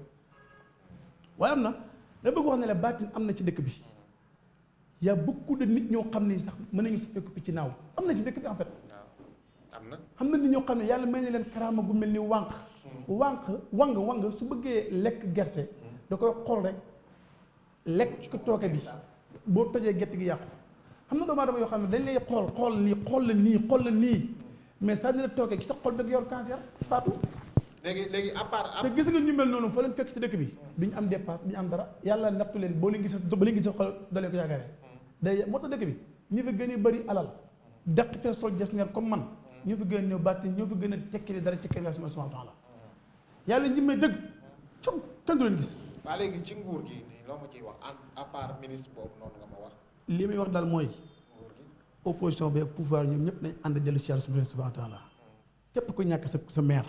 waaye am na da bëgg wax ne la baatin am na ci dëkk bi y' a beaucoup de nit ñoo xam ne sax mën nañu soppeeku ci naaw am na ci dëkk bi en fait. am na xam na nit ñoo xam ne yàlla may na leen karaama gu mel ni wànq. Hmm. wànq wang wang su bëggee lekk gerte hmm. da koy xool rek lekk ci ko tooke bi. boo tojee gerte gi yàqu xam na doomu yoo xam ne dañ lay xool xool nii xool la nii xool la nii mais saa dina toogee ci sa xol dëgg yor cancer faatu léegi léegi à part te gis nga ñu mel noonu fa leen fekk ci dëkk bi ñu am dépasse duñu am dara yàlla nattu leen boo leen gis ba leen gis sa xol dalee ko yaakaare day moo tax dëkk bi ñu fi gën a bëri alal dëkk fee soo ges neen comme man ñu fi gën a ñëw bàtti ñu fi gën a tekki dara ci kër yàlla subhanahu wa taala yàlla ñi may dëgg cam kenn du gis waa léegi ci nguur gi nii loo ma ciy wax à part ministre boobu noonu nga ma wax. li muy wax daal mooy. nguur gi opposition bi ak pouvoir ñoom ñëpp nañ ànd dellu si yàlla subhanahu wa taala képp ku ñàkk sa sa maire.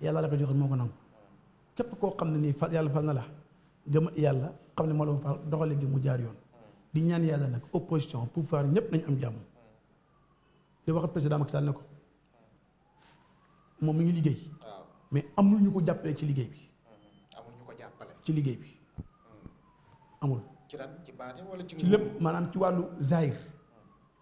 yàlla la ko joxoon moo ko nangu. képp koo xam ne nii fal yàlla fal na la gëm yàlla xam ne moo la ko fal doxalee gi mu jaar yoon. di ñaan yàlla nag opposition pouvoir ñëpp nañ am jàmm. li wax président Macky Sall ne ko moom mi ngi liggéey. mais amul ñu ko jàppale ci liggéey bi. ci liggéey bi amul. ci ren ci baate wala ci. lépp maanaam ci wàllu zahir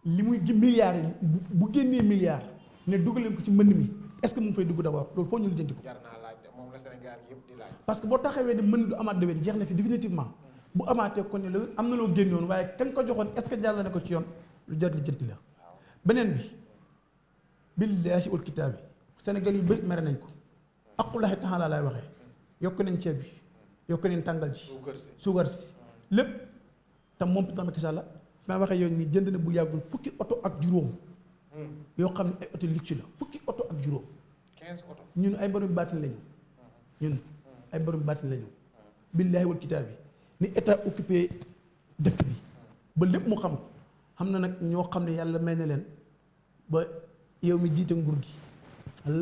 li muy ji milliards yi bu génnee milliards ne dugaleen ko ci mbënd mi est-ce que mu ngi fay dugg d'abord loolu foo ñu lijjanti ko. jar naa laaj moom di laaj. que boo taxawee ne mbënd du amaat déwén jeex na fi définitivement bu amaatee kon ne am na loo génnoon waaye kañ ko joxoon est-ce que jàll na ko ci yoon lu jar lijjanti la. beneen bi billaahi wal kitaabi Sénégal yu bëri mere nañ ko aqullahi taala laay waxee yokk nañ ceeb bi. yokk leen tàngal ci suukar si lépp te moom président Macky Sall maa waxee yow mi jënd na bu yàggul fukki oto ak juróom hmm. yoo xam ne ay oto luxe la fukki oto ak juróom ñun ay borom baatin lañu hmm. ñun hmm. ay borom baatin lañu billaahi wal kitaab yi ni état occupé dëkk bi ba lépp mu xam ko xam na nag ñoo xam ne yàlla mel na leen ba yow mi jiite nguur gi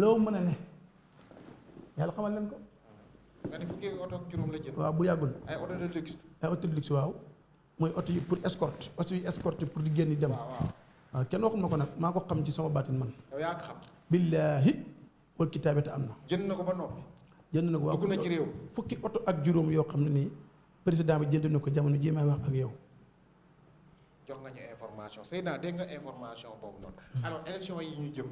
loo mën a ne yàlla xamal leen ko nga la waaw bu yàggul. ay oto de luxe. oto de luxe waaw. mooy oto yi pour escorte oto yi escorte pour di génn dem. waaw waaw ah, kenn waxum na ko nag maa ko xam ci sama baatin man. yow yaa ko xam. billaahi wal am na. jënd na ko ba noppi. jënd na ko waaw na ci réew. fukki oto ak juróom yoo xam ne nii président bi jënd na ko jamono jii may wax ak yow. jox nga ñu information Seydina dégg nga information boobu noonu. Hmm. alors élection yi ñu jëm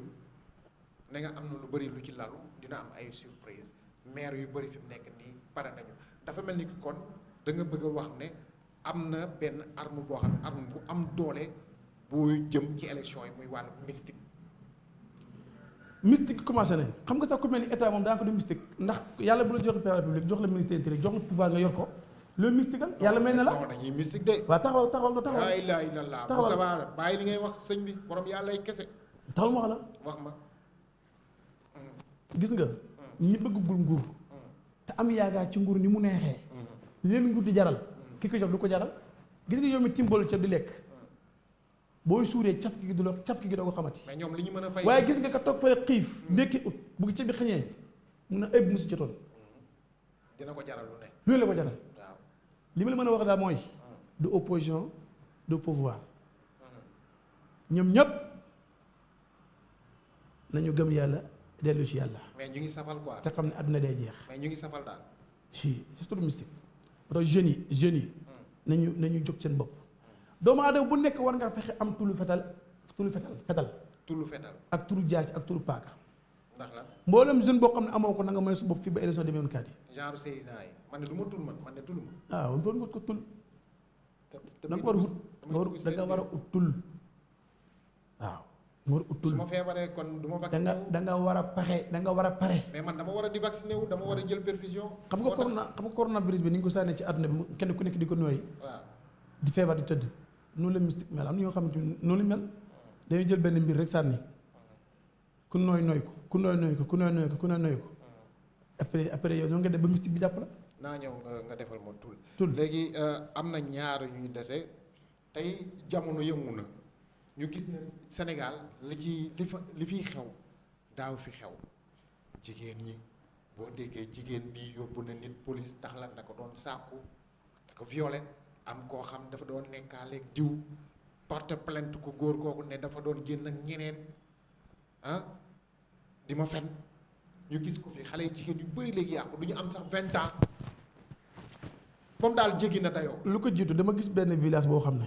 ne nga am na lu bari lu ci lalu dina am ay surprise. maire yu bëri fi mu nekk nii pare nañu dafa mel ni ki kon da nga bëgg a wax ne am na benn arme boo xam ne arme bu am doole bu jëm ci élection yi muy wàllu mystique. mystique commencé nañ xam nga sax ku ni état moom daa ko du mystique ndax yàlla bu la jox la publique jox la ministère intérieur jox la pouvoir nga yor ko. loolu mystique am yàlla may na la dañuy mystique de. waaw taxawal taxawal la taxawal la ilaha illallah taxawal la bàyyi li ngay wax sëñ bi borom yàlla ay kese. taxaw ma wax wax ma. gis nga. ñi bëggul nguur te am yaakaar ci nguur ni mu neexee leen nguur di jaral ki ko jox du ko jaral gis nga yow mi timbal ca di lekk booy suuree caf gi du la caf gi doo ko xamati ñoom li ñu mën a fay waaye gis nga ko toog fay xiif ndékki ut bu ci bi xañee mun na ayib musu ca tool ko jaral lu ne la ko jaral waaw li ma la mën a wax daal mooy du opposition du pouvoir hmm. ñoom ñëpp nañu gëm yàlla dellu ci yàlla. mais ñu ngi safal quoi. te xam ne àdduna day jeex. mais ñu ngi safal daal. si c'est trop mystique. parce que jeunes yi jeunes yi. Hmm. nañu nañu jóg seen bopp. Hmm. doomu aadama bu nekk war ngaa fexe am tulu fetal tulu fetal fetal. tulu fetal ak tulu jaasi ak tulu paaka. ndax la mboolem jeune boo xam ne amoo ko na nga may su bopp fii ba élection demee woon kaddi. genre Seydina yi man de du ma tul man man de tul ma. Ah, waaw man nga ko tul. nga war a da nga war a ut tul waaw. moo utul su ma feebaree kon du ma vacciné da nga da war a paxe da war a pare. mais man dama war a di vacciné wu dama war a jël perfusion. xam nga corona xam nga coronavirus bi ni ñu ko sànnee ci àdduna bi kenn ku nekk di ko nooy. di feebar di tëdd. noonu la mystique mel am na ñoo xamante ni noonu mel jël benn mbir rek sànni ku nooy nooy ko ku nooy nooy ko ku nooy nooy ko ku ko. après après yow ñoo nga def ba mystique bi jàpp la. naa euh, nga defal ma tul. tul léegi euh, am na ñaar yu dese tey jamono yëngu na. ñu gis ne Sénégal li ci li fa li fiy xew daaw fi xew jigéen ñi boo déggee jigéen bi yóbbu na nit police tax la da ko doon sàkku da ko am koo xam dafa doon nekkaaleeg diw porte plainte ku góor kooku ne dafa doon génn ak ñeneen ah, di ma fen ñu gis ko fi xale yi jigéen yu bari léegi yàqu du ñu am sax vingt ans moom daal jéggi na dayoo. lu ko jiitu dama gis benn village boo xam ne.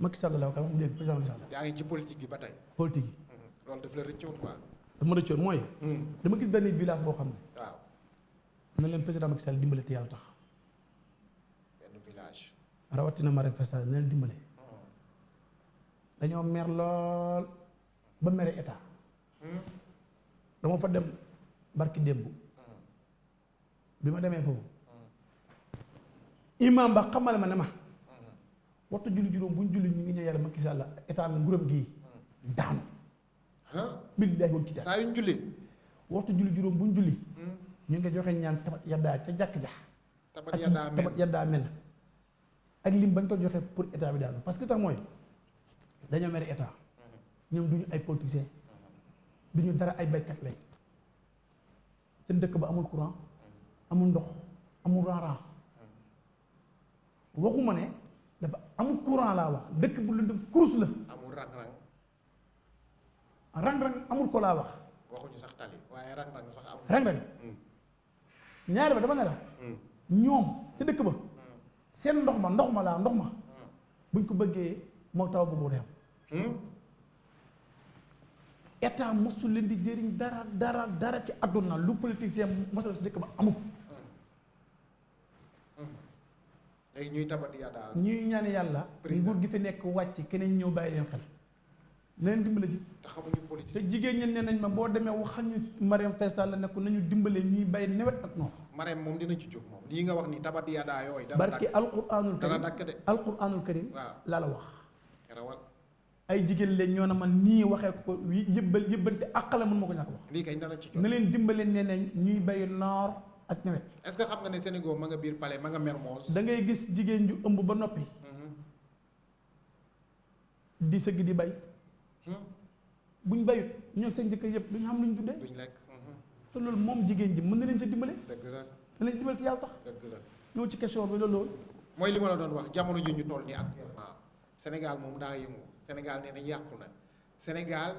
Macky Sall la ko wax mu dégg président yaa ngi ci politique yi ba tey. politique yi. Mhm. loolu daf la rëccoon quoi. daf ma rëccoon mooy. Mhm. dama gis benn village boo xam ne. waaw. na leen président Macky Sall tax. benn rawatina Marème Faye Sall na mhm. mer lool ba mere état. dama fa dem barki démb. bi ma demee foofu. imam ba xamal ma ne ma. waxtu julli juróom bu ñu julli ñu ngi ne yàlla Macky Sall état bi nguuram gii daanu. billaahi wal kitaab saa yu ñu julli. waxtu julli juróom bu ñu julli. Hmm? ñu ngi joxe ñaan tabat yaddaa ca jàkk ja. tabat yaddaa mel tabat yaddaa mel. ak lim bañ ko joxe pour état bi daanu parce que tax mooy dañoo mere état. Hmm. ñoom du ñu ay politiciens. Hmm. du ñu dara ay baykat lañ. seen dëkk ba amul courant. amul ndox amul raaraan. waxuma ne. dafa amul courant laa wax dëkk bu lëndëm kurus la. amul rang-rang. rang amul ko laa wax. waxuñu sax tali waaye rang-rang sax amul. rang-rang mm. ñaari ba dama ne la. Mm. ñoom ca dëkk ba. Mm. seen ndox ma ndox ma laa ndox ma. buñ ko bëggee moo taw bu mu réew. état mosul leen di jëriñ dara dara dara ci àdduna lu politicien mosal ci dëkk ba amul. ay ñuy tabati yàlla ñuy ñaan yàlla. nguur gi fi nekk wàcc keneen ñëw bàyyi leen xel. leen dimbale ji. te xamuñu politique. te jigéen ñi ne nañ ma boo demee waxal ñu Marème Faye Sall ne ko nañu dimbale ñuy bay nawet ak noor. Marème moom dina ci jóg moom lii wax ni tabat yada yooyu. dana dakk la wax. rawal ay jigéen leen ñoo na man nii waxee ko yëbbal yëbbante àq la mën ma ko ñàkk wax. lii kay dana ci jóg na leen dimbale nee nañ ñuy bay noor. ak nawet. est-ce que xam nga ne Sénégal ma nga biir palais ma nga Mermoz. ngay gis jigéen ju ëmb ba noppi. Mm-hmm. sëgg di bay. Hmm? buñ bayut ñoom seen jëkkër yëpp duñ xam luñ dundee. duñ lekk. Mm-hmm. te loolu moom jigéen ji mën na leen ci dimbale. dëgg la la ñëw ci question mooy li ma la doon wax jamono ji ñu toll nii actuellement Sénégal moom daa yëngu Sénégal nee nañ yàqu na Sénégal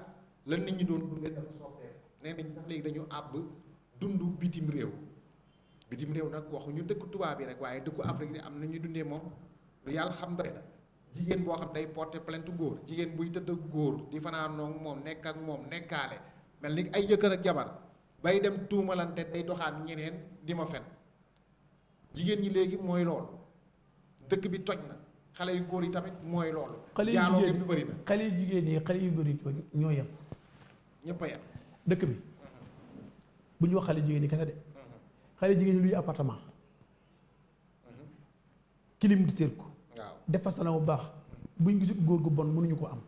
lan nit ñi doon dundee dafa soppeeku nee nañ sax léegi dañu àbb dund bitim réew. bitim réew nag waxuñu dëkk tubaab yi rek waaye dëkku Afrique bi am na ñuy dundee moom lu yàlla xam doy jigéen boo xam day porté plainte góor jigéen buy tëdd góor di fanaanoo ak moom nekk ak moom nekkaale mel ni ay jëkkër ak jabar bay dem tuumalante day doxaan ñeneen di ma fen jigéen ñi léegi mooy lool dëkk bi toj na xale yu góor yi tamit mooy lool jaaloo bi bi bëri xale yu jigéen yi xale yu góor yi ñoo yem. ñëpp a dëkk bi mm-hmm. bu ñu wax xale jigéen yi kese de. xale jigéen ñi luy appartement kilim mhm. séer ko def fa salaam bu baax buñ gisul góor gu bon mënuñu koo am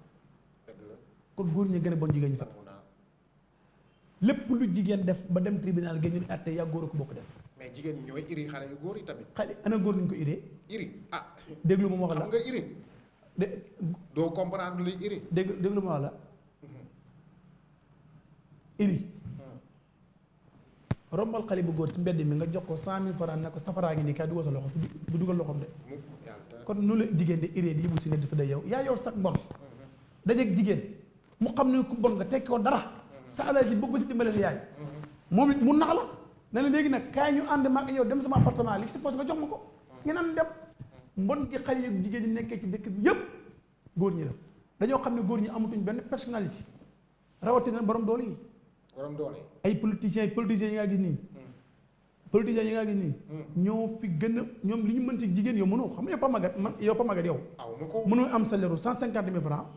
kon góor ñi gën a bon jigéen ñi fa lépp lu jigéen def ba dem tribunal gën ñu àtte yaa góor a ko bokk def mais jigéen ñooy iri xale yu góor yi tamit xale ana góor ñu ko iree iri ah déglu ma wax la xam nga iri de doo comprendre luy iri déglu ma wax la mhm. iri rombal xale bu góor ci mbedd mi nga jox ko cent mille francs na ko safaraa ngi nii kaay dugal sa loxo du dugal loxoom de kon nu la jigéen de irée di yibul si ne di tëddee yow yaa yor sax bon dajeeg jigéen mu xam ne ku bon nga tekki ko dara sa alal ji bëgg ci moom it mu nax la ne la léegi nag kaay ñu ànd maa ak yow dem sama appartement li si pos nga ko ngeen am dem mbon gi xale yi jigéen ñi nekkee ci dëkk bi yëpp góor ñi la dañoo xam ne góor ñi amatuñ benn personnalité rawatina borom doole yi borom doole ay politiciens politiciens yi nga gis nii. Hmm. politiciens yi nga gis nii. Hmm. ñoo fi gën a ñoom li ñu mën ci jigéen yow mënoo xam nga yow pa magat man yow pa magat yow. mënoo am salaire cent cinquante mille francs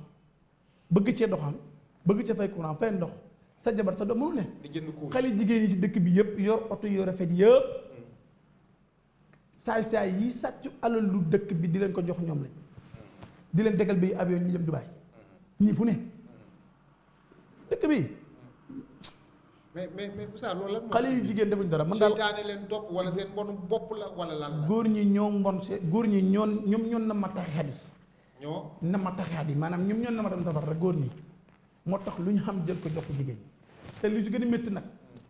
bëgg cee doxal bëgg cee fay courant fay ndox sa jabar sa doom mënu ne. xale jigéen yi ci dëkk bi yëpp yow oto yor rafet yëpp. Hmm. saay saay yi sàcc alalu dëkk bi di leen ko jox ñoom lañ. di leen degal bi ab avion ñu dem Dubaï. ñii fu ne. dëkk bi. mais mais mais Moussa loolu lan xale yu jigéen defuñ dara mën daal seytaane leen topp wala seen mbonu bopp la wala lan la. góor ñi ñoo mbon se góor ñi ñoon ñoom ñoon na ma taxaat yi. na ma taxaat yi maanaam ñoom ñoon na ma dem safar rek góor moo tax lu ñu xam jël ko jox ko jigéen te lu ci gën métti nag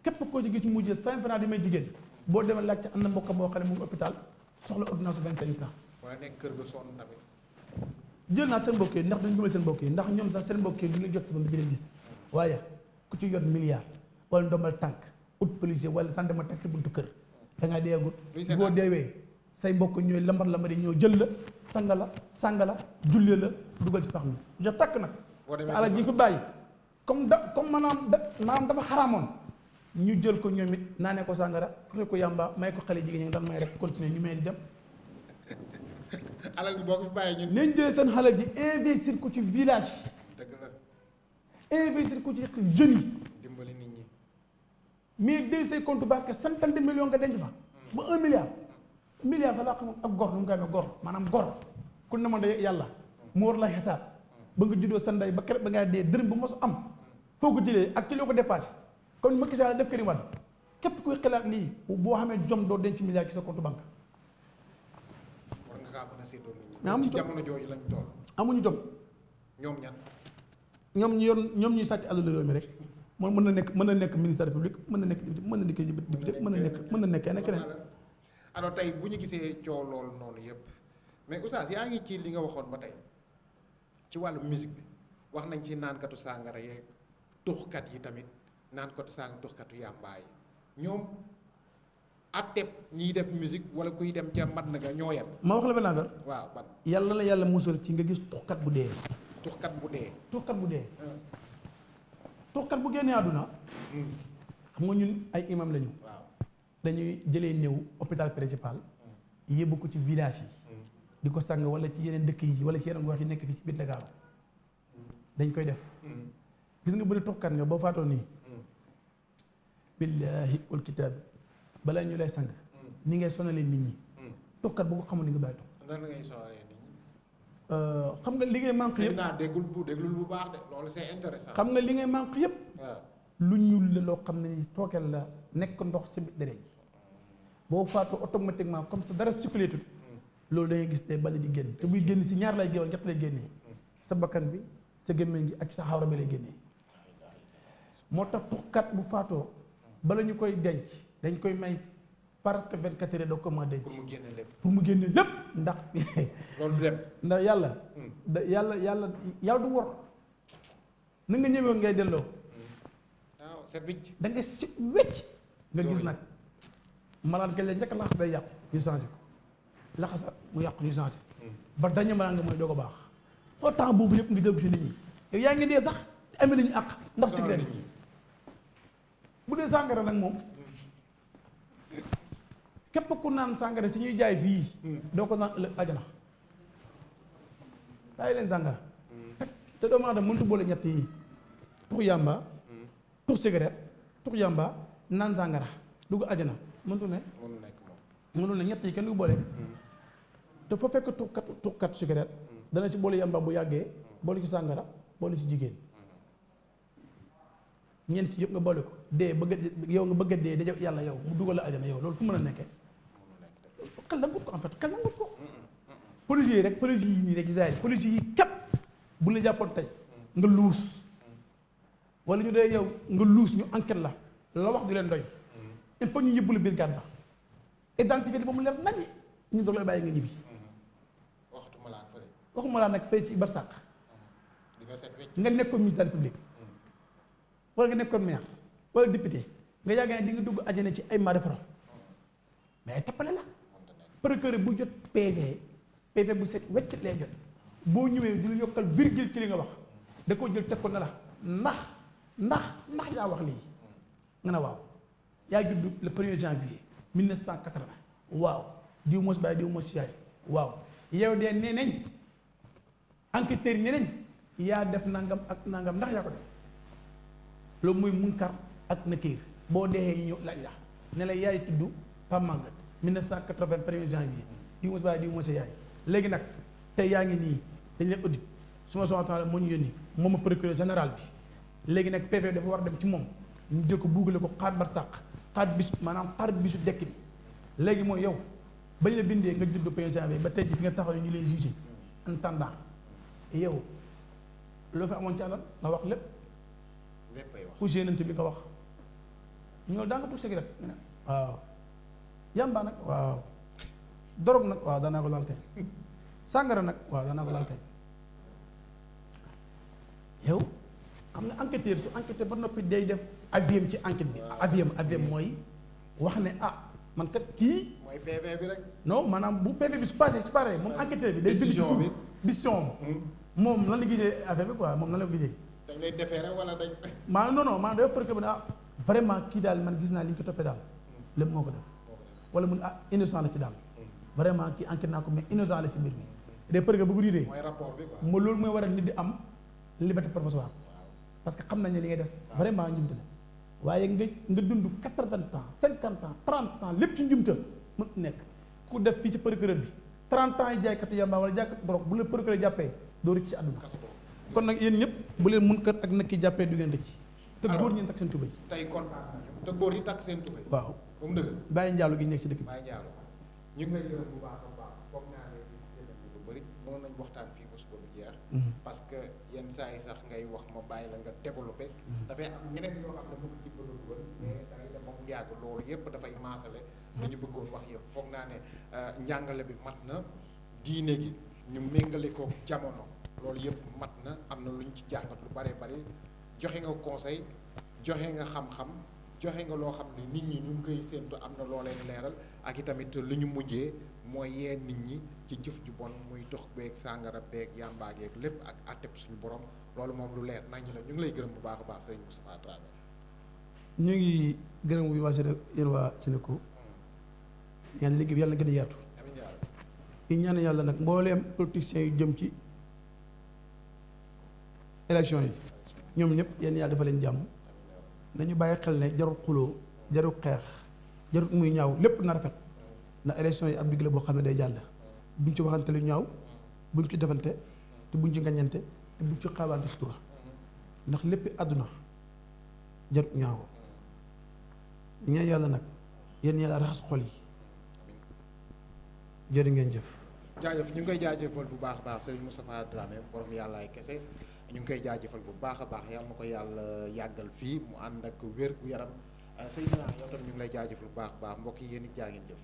képp koo ci gis mu jël cinq francs di jigéen boo demee laajte am na mbokk boo xam ne mu ngi hôpital soxla ordonnance vingt cinq francs wala nekk kër ga sonn tamit. jël naa seen mbokk yi ndax duñ dimbali seen mbokk yi ndax ñoom sax seen mbokk yi du ñu jot ba mu jëlee gis waaye ku ci yot milliard wala ndombal tànk ut policier wala gendarme teg sa buntu kër da ngaa deegut boo deewee say mbokk ñooy lambar lambari ñoo jël la sang la sang la jullee la dugal ci pax mi jo takk nag sa alal ji fi bàyyi comme da comme maanaam da maanaam dafa xaraamoon ñu jël ko ñoom it naanee ko sàngara joxe ko yàmba may ko xale jigéen ñi daan may rek continuer ñu may di dem alal ji boo ko fi bàyyee ñun. nañ jël seen alal ji investir ko ci village investir ko ci jeunes mais dégg say conte banque centaine de millions nga denc fa ba un milliard milliard sax laa xamul ak gor lu mu koy maanaam gor ku ne ma de yàlla mu war la xisaab ba nga juddoo sa ndey ba keroog ba nga dee dërëm bu mos am foo ko jëlee ak ci ko dépassé kon Macky Sall def Karim Wade képp kuy xalaat lii boo xamee jom doo denc milliard ci sa compte banque. war nga kaa mën a séddoo nit ñi ci jooju lañ toll. amuñu jom. ñoom ñan. ñoom ñu yor ñoom ñuy sàcc alalu réew mi rek. moom mën na nekk mën na nekk ministère public mën na nekk mën na nekk député na nekk mën na nekk keneen keneen. alors tey bu ñu gisee coow loolu noonu yëpp mais oustaz yaa ngi ci li nga waxoon ba tey ci wàllu musique bi wax nañ ci naankatu sàngara yeeg tuxkat yi tamit naankatu sàng tuxkatu yàmbaa yi ñoom atteb ñiy def musique wala kuy dem ca mat na nga ñoo yem. ma wax la benn affaire. waaw yàlla la yàlla musal ci nga gis tuxkat bu dee. tuxkat bu dee. tuxkat bu dee. toxkat bu génnee àdduna mm. xam nga ñun ay imam lañu dañuy jëlee néew hôpital principal mm. yóbbu ko ci village yi mm. di ko sang wala ci yeneen dëkk yi wala ci yeneen gox yi nekk fii ci biir Dakar dañ koy def gis nga bu dee toxkat nga boo faatoo nii billaahi wal kitaab balaa ñu lay sang ni ngay sonalee nit ñi toxkat bu ko xamul ni nga bàyyi tox Euh, xam nga li ngay manqué yëpp naa déggul bu bu baax de loolu c'est intéressant xam nga li ngay manqué yëpp. lu ñuul la loo xam ne ni tookeel la nekk ndox si dere ji boo faatoo automatiquement comme sa dara circulé mm. loolu da gis day bale di génn te buy génn si ñaar lay géwal ñett lay génnee sa bakkan bi sa gémmiñ gi ak sa xawra bi lay génnee moo tax tuxkat bu faatoo bala ñu koy denc dañ koy may parce que 24 heures da ko mën a denc. pour mu génne lépp ndax. loolu du dem yàlla. Hmm. yàlla yàlla yàlla du wor. na nga ñëwee ngay delloo. waaw hmm. ah, set da nga set wecc. nga gis nag. malaan gañ la njëkk a laxas day yàqu ñu changé ko. laxas mu yàqu ñu changé. Hmm. ba dañu malaan nga mooy doo ko baax. au temps boobu yëpp nga jël ko ci nit ñi. yow yaa ngi dee sax amee nañu àq. ndax cigarette bu dee sàngara nag moom. képp ku naan sàngara si ñuy jaay fii mm. doo ko naan ëllëg ajana bàyyi leen sàngara mm. te doomu aadama boole ñett yi tux yàmba mm. tux cigarette tux yàmba naan sàngara dugg ajana mëntu ne ñett yi kenn du boole te fa fekk tuxkat tuxkat cigarette dana si boole yàmba bu yàggee boole ci sàngara boole ci jigéen ñeent yëpp nga boole ko dee bëgg yow nga bëgg a dee daje yàlla yow mu dugal la ajana yow loolu fu mën a nekkee xel nangut ko en fait xel nangut ko policiers yi rek policiers yi nii rek isaay policiers yi képp bu la jàppoon tey nga luus wala ñu dee yow nga luus ñu enquête la la wax du leen doy il faut ñu yëbbu la biir gàtt ba identifier ba mu leer nañ ñu doog lay bàyyi nga ñibbi. waxtuma laa fële. waxuma laa nag fay ci barsàq. di nga set wecc nga nekkoon ministre de la République wala nga nekkoon maire wala député nga yàgg ne di nga dugg àjjana ci ay maare faram mais ay tappale la. procureur bu jot PV PV bu set wecc lay jot boo ñëwee du la yokkal virgule ci li nga wax da koo jël teg ko na la ndax ndax ndax yaa wax lii nga ne waaw yaa judd le premier janvier 1980 waaw diw mos bàyyi diw mos yaay waaw yow de nee nañ enquêteurs yi yaa def nangam ak nangam ndax yaa ko def loolu muy munkar ak nakiir boo dee ñu laaj la ne la yaay tudd Pape Maguette 1980 premier janvier diw mos bàyyi diw mos yaay léegi nag tey yaa ngi nii dañ leen audit su ma soxlaa moo ñu yónni moom a procureur général bi léegi nag PV dafa war dem ci moom ñu jël ko buugale ko xaar bar sàq xaar bisu maanaam xaar bisu dekk bi léegi mooy yow bañ la bindee nga judd premier janvier ba tey ji fi nga taxaw ñu lay jugé en attendant yow loo fi amoon ci alal nga wax lépp ku gênante bi nga wax ñoo daa nga pour yamba nag waaw dorog nag waaw danaa ko laal kay sàngara nag waaw danaa ko laal kay yow xam nga enquêteur su enquêté ba noppi day def aviam ci enquête bi ah, aviam aviam mooy wax ne ah man kat kii mooy PV bi rek non maanaam bu PV bi su passé ci pare moom ah. enquêteur bi day bind ci suuf décision hmm. moom lan la gisee affaire bi quoi moom lan la ko gisee dañ defee defeere wala dañ maa non non maanaam day procureur bi ne ah vraiment kii daal man gis naa li ñu ko toppee hmm. moo ko def wala mun ah innocent la ci daal vraiment kii enquête naa ko mais innocent la ci mbir mi day përga bu riidee ma loolu mooy waral nit di am liberté provisoire parce que xam nañ ne li ngay def vraiment njumte la waaye nga nga dund quatre-vingts ans cinquante ans trente ans lépp ci njumte mën nekk ku def fii ci procureur bi trente ans yi jaaykatu yamba wala jaaykatu drogue bu la procureur jàppee doo rëcc ci àdduna kon nag yéen ñëpp bu leen mun kër ak nag ki jàppee du ngeen rëcc te góor ñi takk seen tubéy tey kon te góor yi takk seen tubéy waaw comme dëgg bàyyi njaalu gi ñu nekk ci dëkk bi bàyyi njaalu ñu ngi lay gërëm bu baax a baax comme naa ne jëlënni lu bëri mënoon nañ waxtaan fii ba suba bu jeex mhm. parce que yenn saa yi sax ngay wax ma bàyyi la nga développé mhm. dafay am ñeneen yoo xam ne bëgg ci bëgg dugal mais mhm. dangay dem moom yàgg loolu yëpp dafay maasale lu ñu bëggoon wax yëpp foog naa ne euh, njàngale bi mat na diine gi ñu méngale ko jamono loolu yëpp mat na am na lu ñu ci jàngat lu bare bare joxe nga conseil joxe nga xam-xam joxe nga loo xam ne nit ñi ñu ngi koy séentu am na loo leen leeral ak i tamit lu ñu mujjee mooy yee nit ñi ci jëf ju bon muy dox beeg sàngara beeg yàmbaa lépp ak àtteb suñu boroom loolu moom lu leer nañ la ñu ngi lay gërëm bu baax a baax sëriñ ñu ngi gërëm bi waa Sénégal yéen waa Sénégal hmm. ñaan liggéey bi yàlla gën a yaatu ñu ñaan yàlla nag mbooleem politiciens yu jëm ci élection yi ñoom ñëpp yenn yàlla dafa leen jàmm nañu bàyyi xel ne jarul xuloo jarul xeex jarul muy ñaaw lépp na rafet na élection yi ab digg la boo xam ne day jàll buñ ci waxante lu ñaaw buñ ci defante te buñ ci ngañante te buñ ci xaabaante sutura ndax lépp àdduna jarul ñaaw ñaan yàlla nag yéen yàlla raxas xol yi jërë ngeen jëf jaajëf ñu ngi koy jaajëfal bu baax baax Serigne Moustapha Dramé borom yàlla ay kese ñu ngi koy jaajëfal bu baax a baax yàlla na ko yàlla yàggal fii mu ànd ak wér gu yaram euh, Seydina yow ñu ngi lay jaajëfal bu baax a baax mbokk yi yéen it jaa ngeen jëf